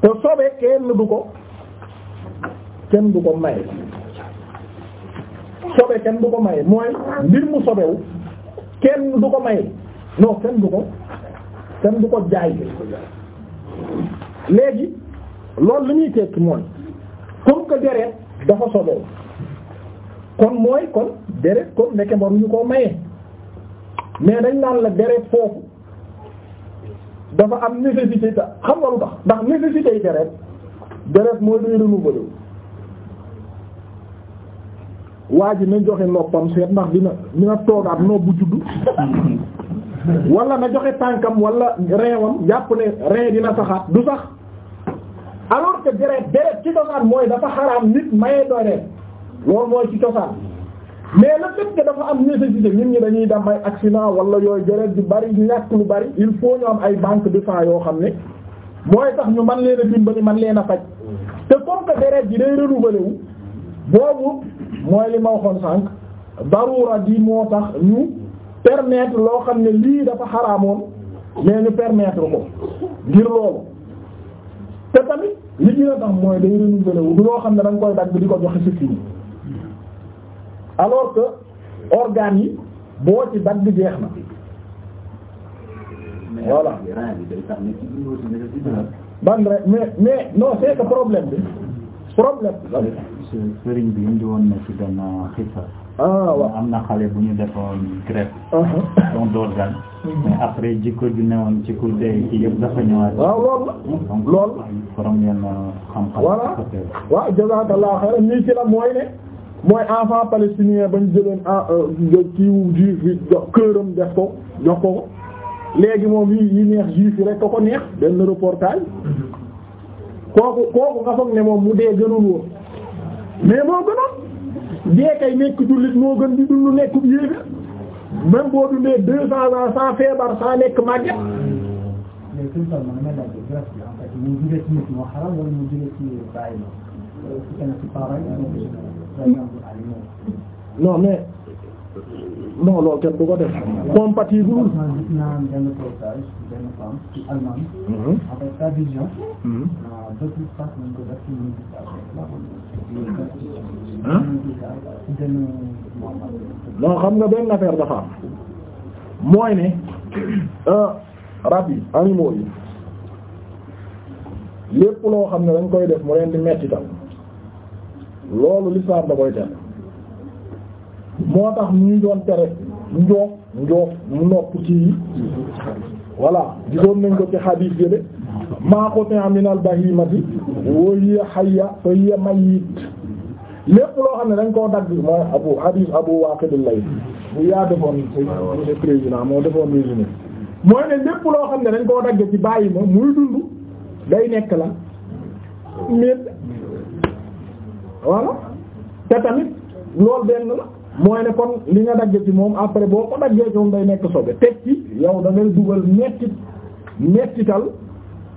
te sobee kenn du ko kenn du ko may sobe kenn du ko may mooy mbir mu sobewu kenn du ko may non kenn du ko kenn du ko jaay léegi loolu lu ñuy tekki mooy comme ko deret dafa soboo kon mooy kon deret kon nekk mbaru ñu ko maye mais dañ naan la deret foofu dafa am nécessité ta xam nga lu tax ndax nécessité yi deret deret mooy day renouveler waa ji na joxe noppam seet ndax dina dina toogaat nobbu juddu wala na joxe tànkam wala reewam jàpp ne ree dina saxaat du sax alors que deret deret ci cosaan mooy dafa xaraam nit maye deret loolu mooy ci cosaan mais le fait que dafa am nécessité nit ñi dañuy dem ay accident wala yooyu deret di bari ñàkk lu bari il faut ñu am ay banque de sang yoo xam ne mooy tax ñu man leen a dimbali man leen a faj mm. te comme que deret ji day renouvelé wu boobu mooy li ma waxoon sànq darura di moo tax ñu permettre loo xam ne lii dafa xaraamoon mais ñu ko ngir loolu te tamit li dina tax mooy day renouveler wu loo xam ne da nga koy dagg di ko joxe ci fii alors que organes yi boo ci dagg jeex na voilà ban mais mais non c'est problème bi problème sëriñ bi indi woon na ci benn xisa. ah waaw am na xale bu ñu defoon greffe. Uh-huh. don d'organe. Mm-hmm. mais après jikko ju newoon ci côté kii yëpp dafa ñëwaat. waaw loolu la loolu. yenn xam-xam. voilà waaw jazakallah xayran nii ci la mooy ne. mooy enfant palestinien bañ jëloon ah euh, kii juif jox këram def ko jox ko léegi moom yi yi neex juif yi rek ko ko neex benn reportage. Mm-hmm. kooku kooku nga foog ne moom mu dee gënul woon. mais moo gënoon dee kay nekk jullit moo gën di dund nekkub yéeféer même boo dundee deux cents ans sans feebar sans nekk màgget non mais non loolu kenn du ko def compatible naa benn reportage benn femme ci Allemagne mhm. avec sa vision mhm. euh, non xam nga benn affaire dafa am mooy ne euh, rab yi animaux yi lépp loo xam ne dañ koy def mu leen di mettital loolu l'islam da koy tere moo tax ñu doon tere njoof njoof mu nopp ci voilà gisoon nañ ko ci xadiis yële maa quti'a min al-bahimati wa hiya hayya fa hiya mayyit lépp loo xam ne dañ koo dagg mooy abu hadith abu waqid al-layth yaa defoon monsieur président moo defoon résumé mooy ne lépp loo xam ne dañ koo dagg ci bàyyi ma muy dund day nekk la miit voilà te tamit loolu benn mooy ne kon li nga dagg ci moom après boo ko daggee ci day nekk sobe teg ci yow da dugal mettit mettital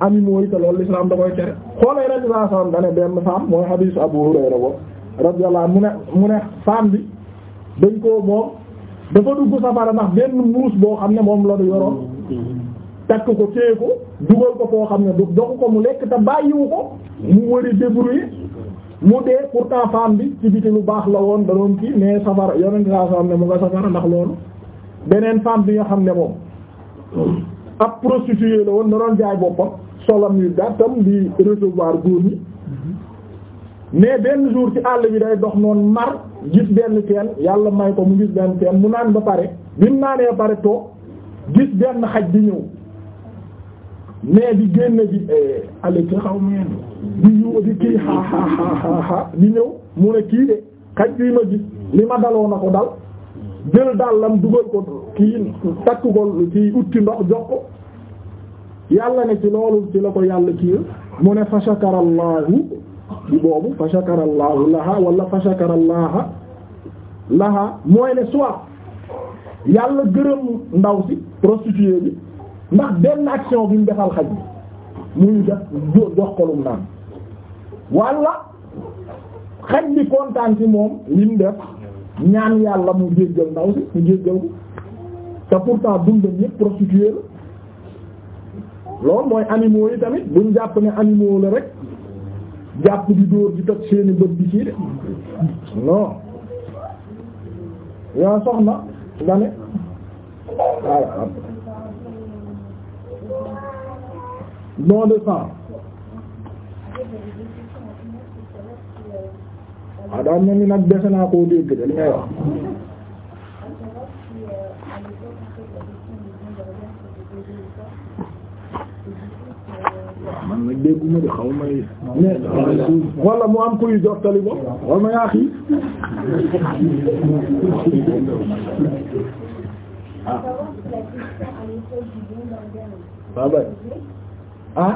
ami mooy te loolu l'islam da koy tere xoolee rajo bi asalaam da ne benn femme mooy hadith Abu Hurayra boobu radiyallahu mu ne mu ne femme bi dañ koo moom dafa dugg safara ndax benn muus boo xam ne moom la du yoroon takk ko téye ko dugal ko foo xam ne du dox ko mu lekk te bàyyiwu ko mu wëri débrouiller mu dee pourtant femme bi ci biti lu baax la woon da doon kii mais safara yonent bi asalaam ne mu nga safara ndax loolu beneen femme bi nga xam ne moom ab prostituée la woon da doon jaay boppam. solam yu gàttam di recevoir góor ñi mais benn jour ci àll bi day dox noonu mar gis benn teen yàlla may ko mu gis benn teen mu naan ba pare bi mu naanee ba pare toog gis benn xaj di ñëw mais di génne di eh, ale ci xaw meen mu ne kii de xaj bi ma gis li ma daloo na ko dal jël dàllam dugal ko kii takk ko ci utti ndox jox yàlla ne ci loolu ci la ko yàlla kii mu ne fa bi boobu fa shakarallaahu laha wala fa laha mooy ne soit yàlla gërëm ndaw si prostituée bi ndax benn action bi mu defal xaj bi muy def jox kolum naan wala xaj bi kontaan ci moom li mu def ñaan yàlla mu jéggal ndaw si mu jéggal ko te pourtant dundam yëpp prostituée la lool mooy animaux yi tamit buñ jàpp ne animaux la rek jàpp di dóor di toj seeni bët bi ci de yaa soxna nga ne waaw don de sang waaw daan na ni nag dese naa koo dégg de li ngay wax waaw man nag dégguma di xaw ma ni wala mu am kuy jottali wala ma yaa xii ah babay ah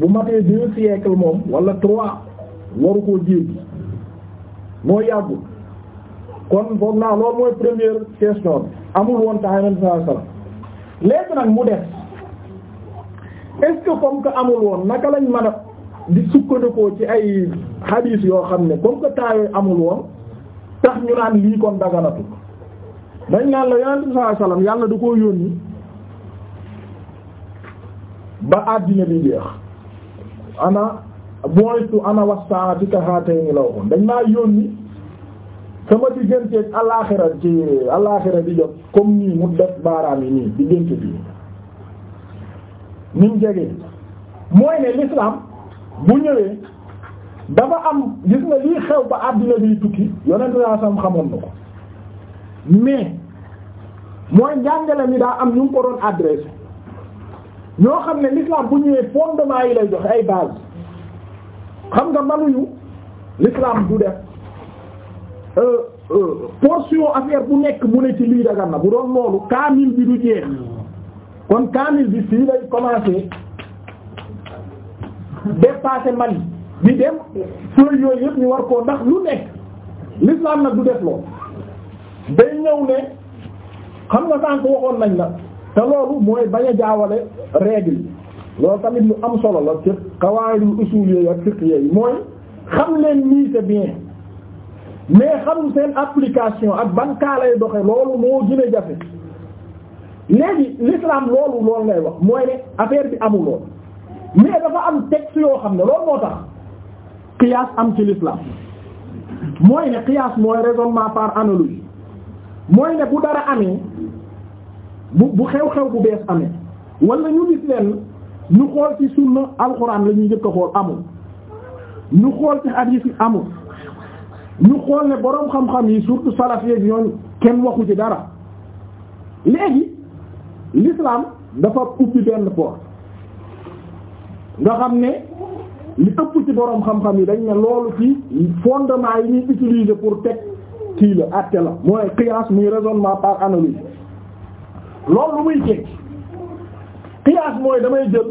bu matee deux siècles moom wala trois waru koo jéggi moo yàggul kon foog naa loolu mooy première question amul woon tax yonent sallallahu alayhi nag mu def est-ce comme que amul woon naka lañ mën a di sukkandikoo ci ay hadith yoo xam ne comme que temps yooyu amul woon tax ñu naan lii kon daganatu dañ naan la yonent sallallahu alayhi wasallam yàlla da koo yónni ba àddina bi jeex ana bu'istu ana wasaati ka haatayni la waxoon dañ maa yónni sama digganteeg alaaxira ci alaaxira di jot comme nii mu def baaraam yi nii diggante bi ni mu jege mooy ne l'islam bu ñëwee dafa am gis nga lii xew ba àddina biy tukki yonent laa sam xamoon na ko mais mooy njàngale mi daa am ñu ngi ko doon adressé ñoo xam ne l'islam bu ñëwee fondement yi lay joxe ay baal xam nga manuñu l'islam du def euh, euh, portion affaire bu nekk mu ne ci lii dagan na bu doon loolu kaamil bi du jeex kon kaamil bi fii lay commencer dépasser Mali bi dem fële yooyu yëpp ñu war koo ndax lu nekk l'islam nag du def loolu day ñëw ne xam nga sànq waxoon nañ la. te loolu mooy bañ jaawale règle loolu tamit lu am solo la ci qawaidul usul yooyu ak fiqh yooyu mooy xam leen nii c'est bien mais xam seen application ak ban kaa lay doxe loolu moo gën jafe léegi l'islam loolu loolu ngay wax mooy ne affaire bi amul lool mais dafa am texte yoo xam ne loolu moo tax qiyaas am ci l'islam mooy ne qiyaas mooy raisonnement par analogie mooy ne bu dara amee bu bu xew-xew bu bees amee wala ñu gis leen ñu xool ci sunna alxuraan la ñuy njëkk a xool amul ñu xool ci hadiis yi amul ñu xool ne boroom xam-xam yi surtout salaf yeeg yoon kenn waxu ci dara léegi l'islam dafa ubbi benn port nga xam ne li ëpp ci boroom xam-xam yi dañ ne loolu ci fondement yi ñuy utiliser pour teg kii la àtte la mooy qiyaas muy raisonnement par analogie loolu lu muy tekki qiyaas mooy damay jël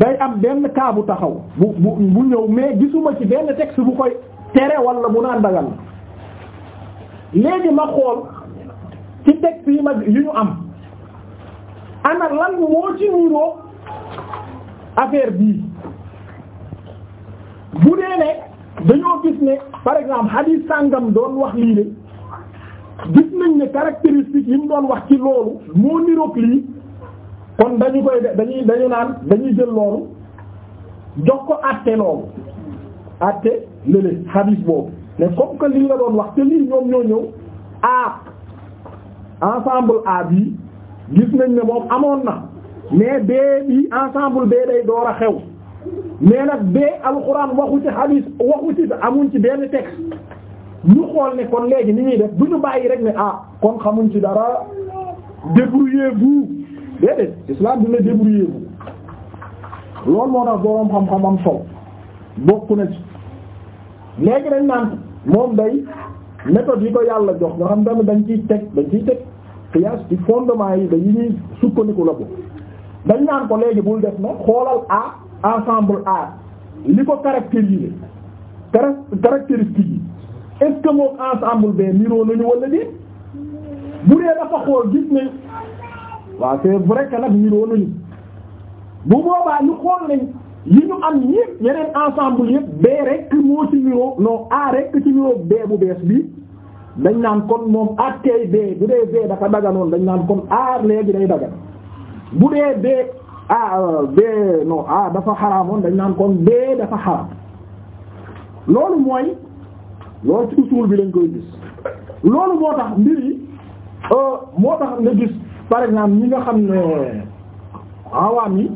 day am benn cas taxaw bu bu bu ñëw mais gisuma ci benn texte bu koy tere wala bu naan dagal léegi ma xool ci texte yi ma yu ñu am ana lan moo ci niroo affaire bii bu dee ne dañoo gis ne par exemple hadith sàngam doon wax lii de gis nañ ne caractéristique yi mu doon wax ci loolu moo niroog lii kon dañu koy dañuy dañu naan dañuy jël loolu jox ko àtte loolu àtte lële xadiis boobu ne comme que lii la doon wax te lii ñoom ñoo ñëw a ensemble A bi gis nañ ne moom amoon na mais bee bi ensemble bee day door a xew mais nag bee alxuraan waxu ci xadiis waxu ci amuñ ci benn texte ñu xool ne kon léegi ni ñuy def du ñu bàyyi rek ne ah kon xamuñ ci dara débrouillez-vous déedéet islam du ne débrouillez-vous loolu moo tax boroom xam-xam am solo bokk na ci léegi dañ naan moom day méthode yi ko yàlla jox nga xam tamit dañ ciy teg dañ ciy teg qiyaas ci fondement yi dañu ñuy sukkandiku la ko dañ naan ko léegi bul def na xoolal A ensemble A li ko caractériser caractéristique yi est-ce que moom ensemble bee niroo nañu wala déet bu dee dafa xool gis ne waaw c'est vrai que nag niroo nañu bu boobaa ñu xool nañ yi ñu am yépp yeneen ensemble yépp bee rek moo ci niroo non A rek ci niroo bee bu bees bi dañ naan kon moom ak tey bee bu dee bee dafa daganoon dañ naan kon A léegi day dagan bu dee bee A euh, bee non A dafa xaraamoon dañ naan kon bee dafa xaraam loolu mooy. loolu ci usul bi lañ koy gis loolu moo tax mbir yi euh, moo tax nga gis par exemple ñi nga xam ne awaam yi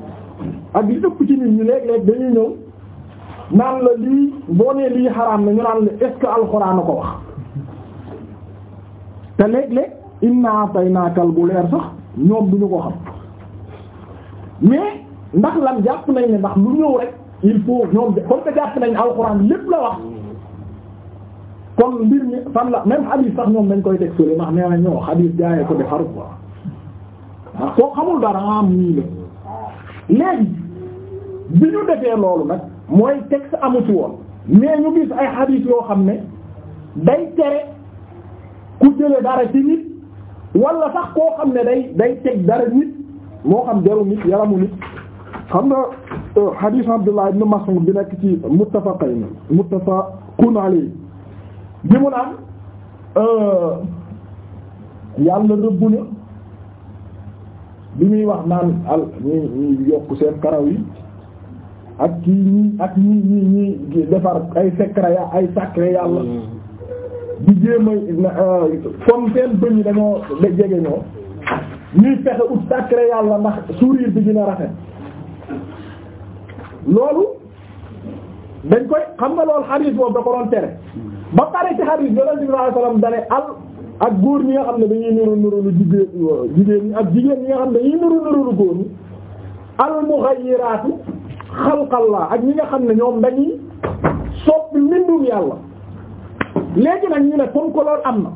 ak li ëpp ci nit ñi léeg-léeg dañuy ñëw naan la lii boo nee lii xaraam na ñu naan la est-ce que alxuraan a ko wax te léeg-léeg inna ataynaakal bu leer sax ñoom duñu ko xam mais ndax lan jàpp nañ ne ndax mu ñëw rek il faut ñoom comme que jàpp nañ alxuraan lépp la wax kon mbir mi fan la même xadiis sax ñoom dañ koy teg fële ndax nee na ñoo xadiis jaayee ko defar quoi waaw koo xamul dara am ah nii la léegi bi ñu defee loolu nag mooy texte amu woon mais ñu gis ay xadiis yoo xam ne day tere ku jële dara ci nit wala sax koo xam ne day day teg dara nit moo xam jaru nit yaramu nit xam nga xadiis euh, Abdullah ibn Mas'ud bi nekk ci muttafaqayn muttafaqun alayhi bi mu naan euh, yàlla rëbb na bi muy wax naan al ñuy yokk seen karaw yi ak kii ñi ak ñi ñi ñi defar ay secret ya ay secret yàlla mm. di jéem a fomm euh, seen bëñ yi dañoo da jege ñoo ñuy fexe ut secret yàlla ndax sourire bi dina rafet loolu dañ koy xam nga loolu xarit boobu ko doon tere ba pare ci xarit yonent bi sallallahu alayhi wasallam dane al ak góor ñi nga xam ne dañuy niru niru lu jigéen jigéen ñi ak jigéen ñi nga xam ne dañuy niru niru lu góor ñi al mughayyiratu xalqallah ak ñi nga xam ne ñoom dañuy soppi mbindum yàlla léegi nag ñu ne comme que am na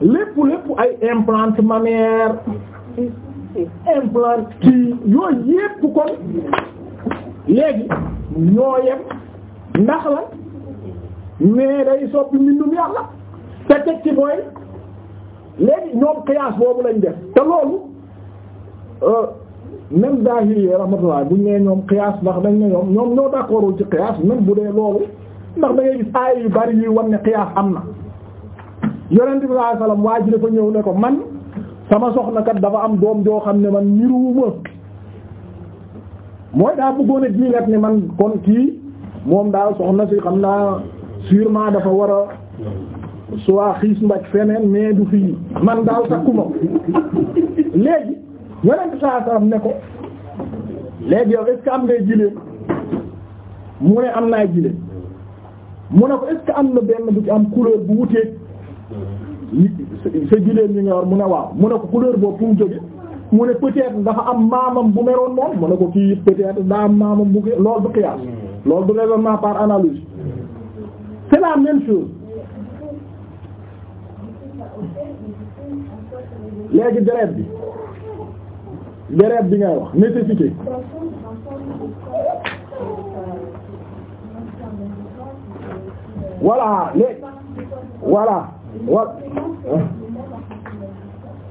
lépp lépp ay implante mammaire implant kii yooyu yépp kon léegi ñoo yem ndax la mais day soppi mbindum yàlla te teg ci mooy léegi ñoom qiyaas boobu lañ def te loolu euh, même zahiri yi rahmatullah buñ ne ñoom qiyaas ndax dañ ne ñoom ñoom ñoo d'accordul ci qiyaas même bu dee loolu ndax da gis aaya yu bari yuy wan ne qiyaas am na yonent bi sallallahu alayhi wasallam waa ji dafa ñëw ne ko man sama soxna kat dafa am doom joo xam ne man niruwuma mooy daa bëggoon a jiilat ne man kon kii moom daal soxna si xam naa sûrement dafa war a soit xiis mbaj feneen mais du fii man daal takkuma léegi yonent saa salam ne ko léegi yow est-ce que am ngay mu ne am naa jiléem mu ne ko est am na benn bu ci am couleur bu wuteeg sa jiléem yi nga war mu ne waaw mu ne ko couleur boobu fu mu jóge mu ne peut dafa am maamam bu meroon moom mu ne ko kii peut-être daa am maamam bu loolu du xiyaas loolu du raisonnement par analogie c'est la même léegi deret bi deret bi ngay wax nécessité wala léegi voilà wa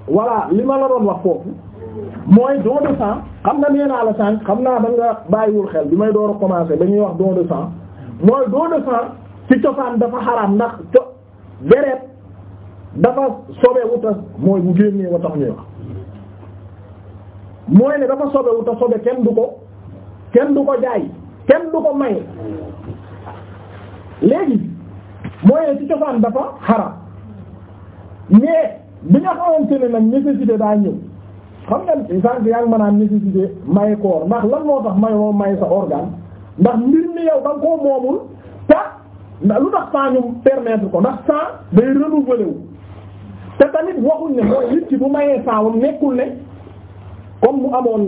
voilà li ma la doon wax foofu mooy don de xam nga nee la sànq xam naa da bàyyiwul xel bi may door a commencer ba wax don de mooy don de ci cosaan dafa xaraam ndax co deret dafa sobe wuta mooy bu génnee wa tax ñuy wax mooy ne dafa sobe wuta sobe kenn du ko kenn du ko jaay kenn du ko may léegi mooy ne ci cosaan dafa xaraam mais bi nga xamante ne nag nécessité daa ñëw xam nga sànq yaa ngi mën a nécessité may koor ndax lan moo tax may moom may sa organe ndax mbir mi yow da koo moomul ndax lu tax saa ñu permettre ko ndax saa day renouveler wu te tamit waxuñ ne mooy nit ci bu mayee saawam nekkul ne comme mu amoon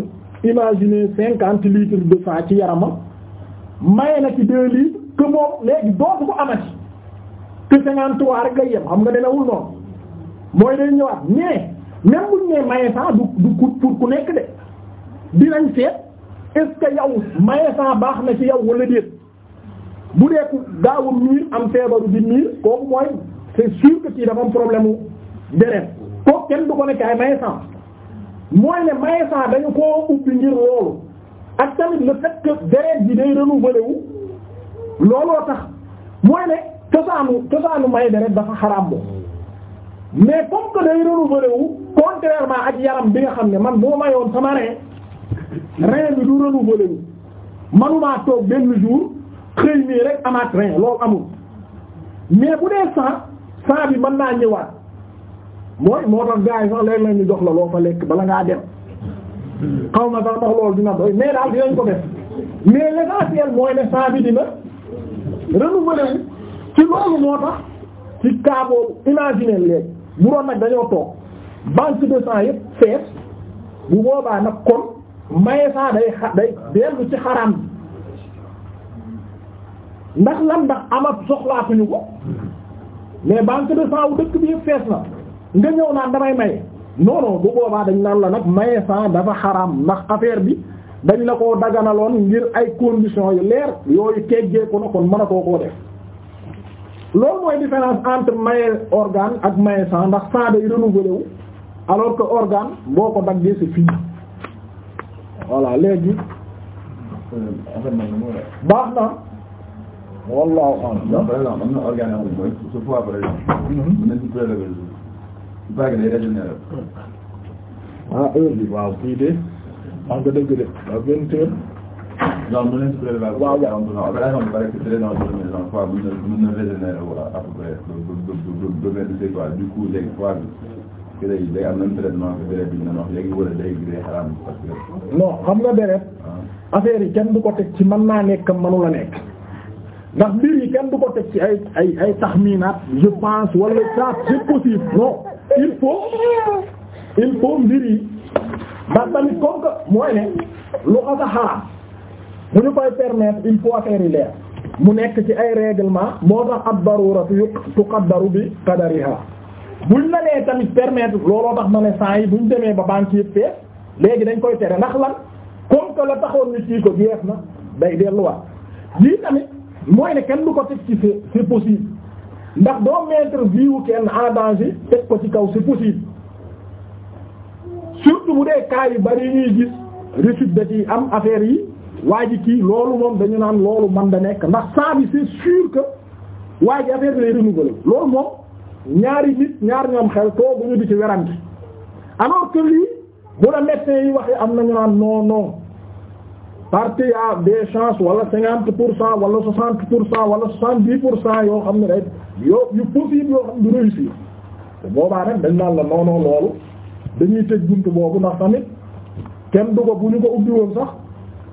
imaginer cinquante litres de saa ci yaramam maye na ci deux litres que moom léegi dootu ko amati que cinquante trois rek lay yem xam nga demewul noonu mooy day ñëwaat mais même buñ nee maye saa du du pour ku nekk de dinañ seet est ce maye saa baax na ci yow wala déet. bu dee ku gaaw a am feebaru bi miir kooku mooy c'est sûr kii dafa problème mu deret kooku kenn du ko ne kaay maye sang mooy ne maye sang dañu koo ubbi ngir loolu ak tamit le fait deret bi day renouveler wu looloo tax mooy ne cosaanu cosaanu maye deret dafa xaraam moom mais comme que day renouveler wu contrairement ak yaram bi nga xam ne man moo mayoon sama rein rein bi du renouveler wu manumaa toog benn jour. xëy nii rek amaat vingt loolu amul mais bu dee cent cent bi mën naa ñëwaat mooy moo tax gars yi sax léegi la jox la loo fa lekk bala ngaa dem xaw ma sax ndax loolu dina doy mais daal dinañ ko def mais l'essentiel mooy ne cent bi dina renouveler wu ci loolu moo tax ci cas boobu imaginer bu doon nag dañoo toog banque de sang yëpp fees bu boobaa nag kon maye saa day xa day dellu ci xaraam. ndax lan ndax amat soxlaatuñu ko les banques de sang wu dëkk bi yëpp fees na nga ñëw naan damay maye non bu boobaa dañ naan la nag maye san dafa xaraam ndax affaire bi dañ la ko daganaloon ngir ay conditions yu leer yooyu teggee ko na kon mënatoo koo def. loolu mooy différence entre maye organe ak maye sang ndax sang day renouvelé wu alors que organe boo ko daggee c'est fini voilà léegi. Euh, baax na. wallahu a'lam. par exemple am na organe yoo xam ne ce poids par exemple. mën nañu prélever su baax day régénérer. ah heure bi waaw fii de wax nga dëgg de à vingt heures. non mën nañu prélever waaw waaw par exemple par exemple président de la fois mën na mën na régénérer wala à peu près ba ba ba quoi du coup léegi poids bi. ki lay day am nañ traitement que deret bi ñu wax léegi wala day day xaraam parce que. non xam nga deret. Ah. affaire yi kenn du ko teg ci mën naa nekk mënu la nekk. ndax mbir yi kenn du ko teg ci ay ay ay taxminaat je pense wala ça c'est possible non il faut il faut mbir tamit comme mooy ne lu ko sa xalaat bu koy permettre il faut affaire leer mu nekk ci ay règlement moo tax ab daruratu yu tuqaddaru bi qadariha buñ la nee tamit permettre looloo tax ma ne saa yi buñ demee ba banque yëpp fee léegi dañ koy tere ndax lan comme la taxoon nit kii ko jeex na day delluwaat lii tamit. mooy ne kenn du ko teg ci c'est c'est possible ndax doo mettre vie wu kenn en danger teg ko ci kaw c'est possible surtout bu dee cas yu bari ñuy gis réussite da ci am affaire yi waa ji kii loolu moom dañu naan loolu man da nekk ndax saa bi c'est sûr que waa ji affaire bi lay renouveler loolu moom ñaari nit ñaar ñoom xel too bu ñu di ci werante alors que lii bu la médecin yi waxee am nañu naan non non parce que y a des chances wala cinquante pour cent wala soixante pour cent wala soixante dix pour cent yoo xam ne rek yoo yu possible yoo xam ne du boobaa nag dañ naan la noonoo loolu dañuy tëj buntu boobu ndax tamit kenn du ko bu ñu ko ubbi woon sax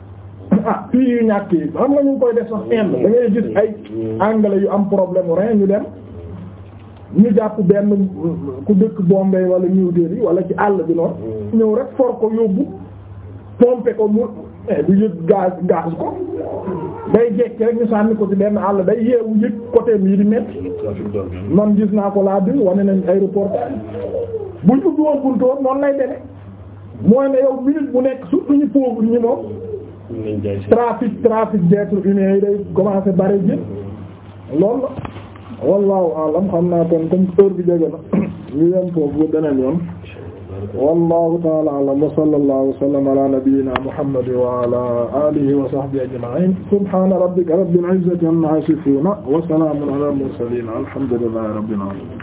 ah, fii yu ñàkk yi xam nga ñu ngi koy def sax Inde da ngay ay anglais yu am problème rein ñu dem ñu jàpp benn ku dëkk Bombay wala New Delhi wala ci àll bi noonu mm. ñëw rek for ko yóbbu pomper ko mu mais eh, du yëg gaas gaas ko day jekki rek ñu sànni ko ci lenn àll day yeewu yëg côté mi i métti man gis naa ko laa bi wane nañ aéroport buñ ubbi woon buntu woon noonu lay deme mooy ne yow minute bu nekk surtout ñu pauvre ñi moom trafic trafic d'êtres humains yi day commencé bari jën loolu la wallahu alam xam naa kon comme heure bi jege na ñu yem foofu beneen yoon wallahu ta'ala a'lam wa sallallahu wa sallam ala nabiyyina muhammad wa ala alihi wa sahbihi ajma'in subhana rabbika rabbil izzati amma yasifun wa salamun ala al mursalin alhamdulillahi rabbil alamin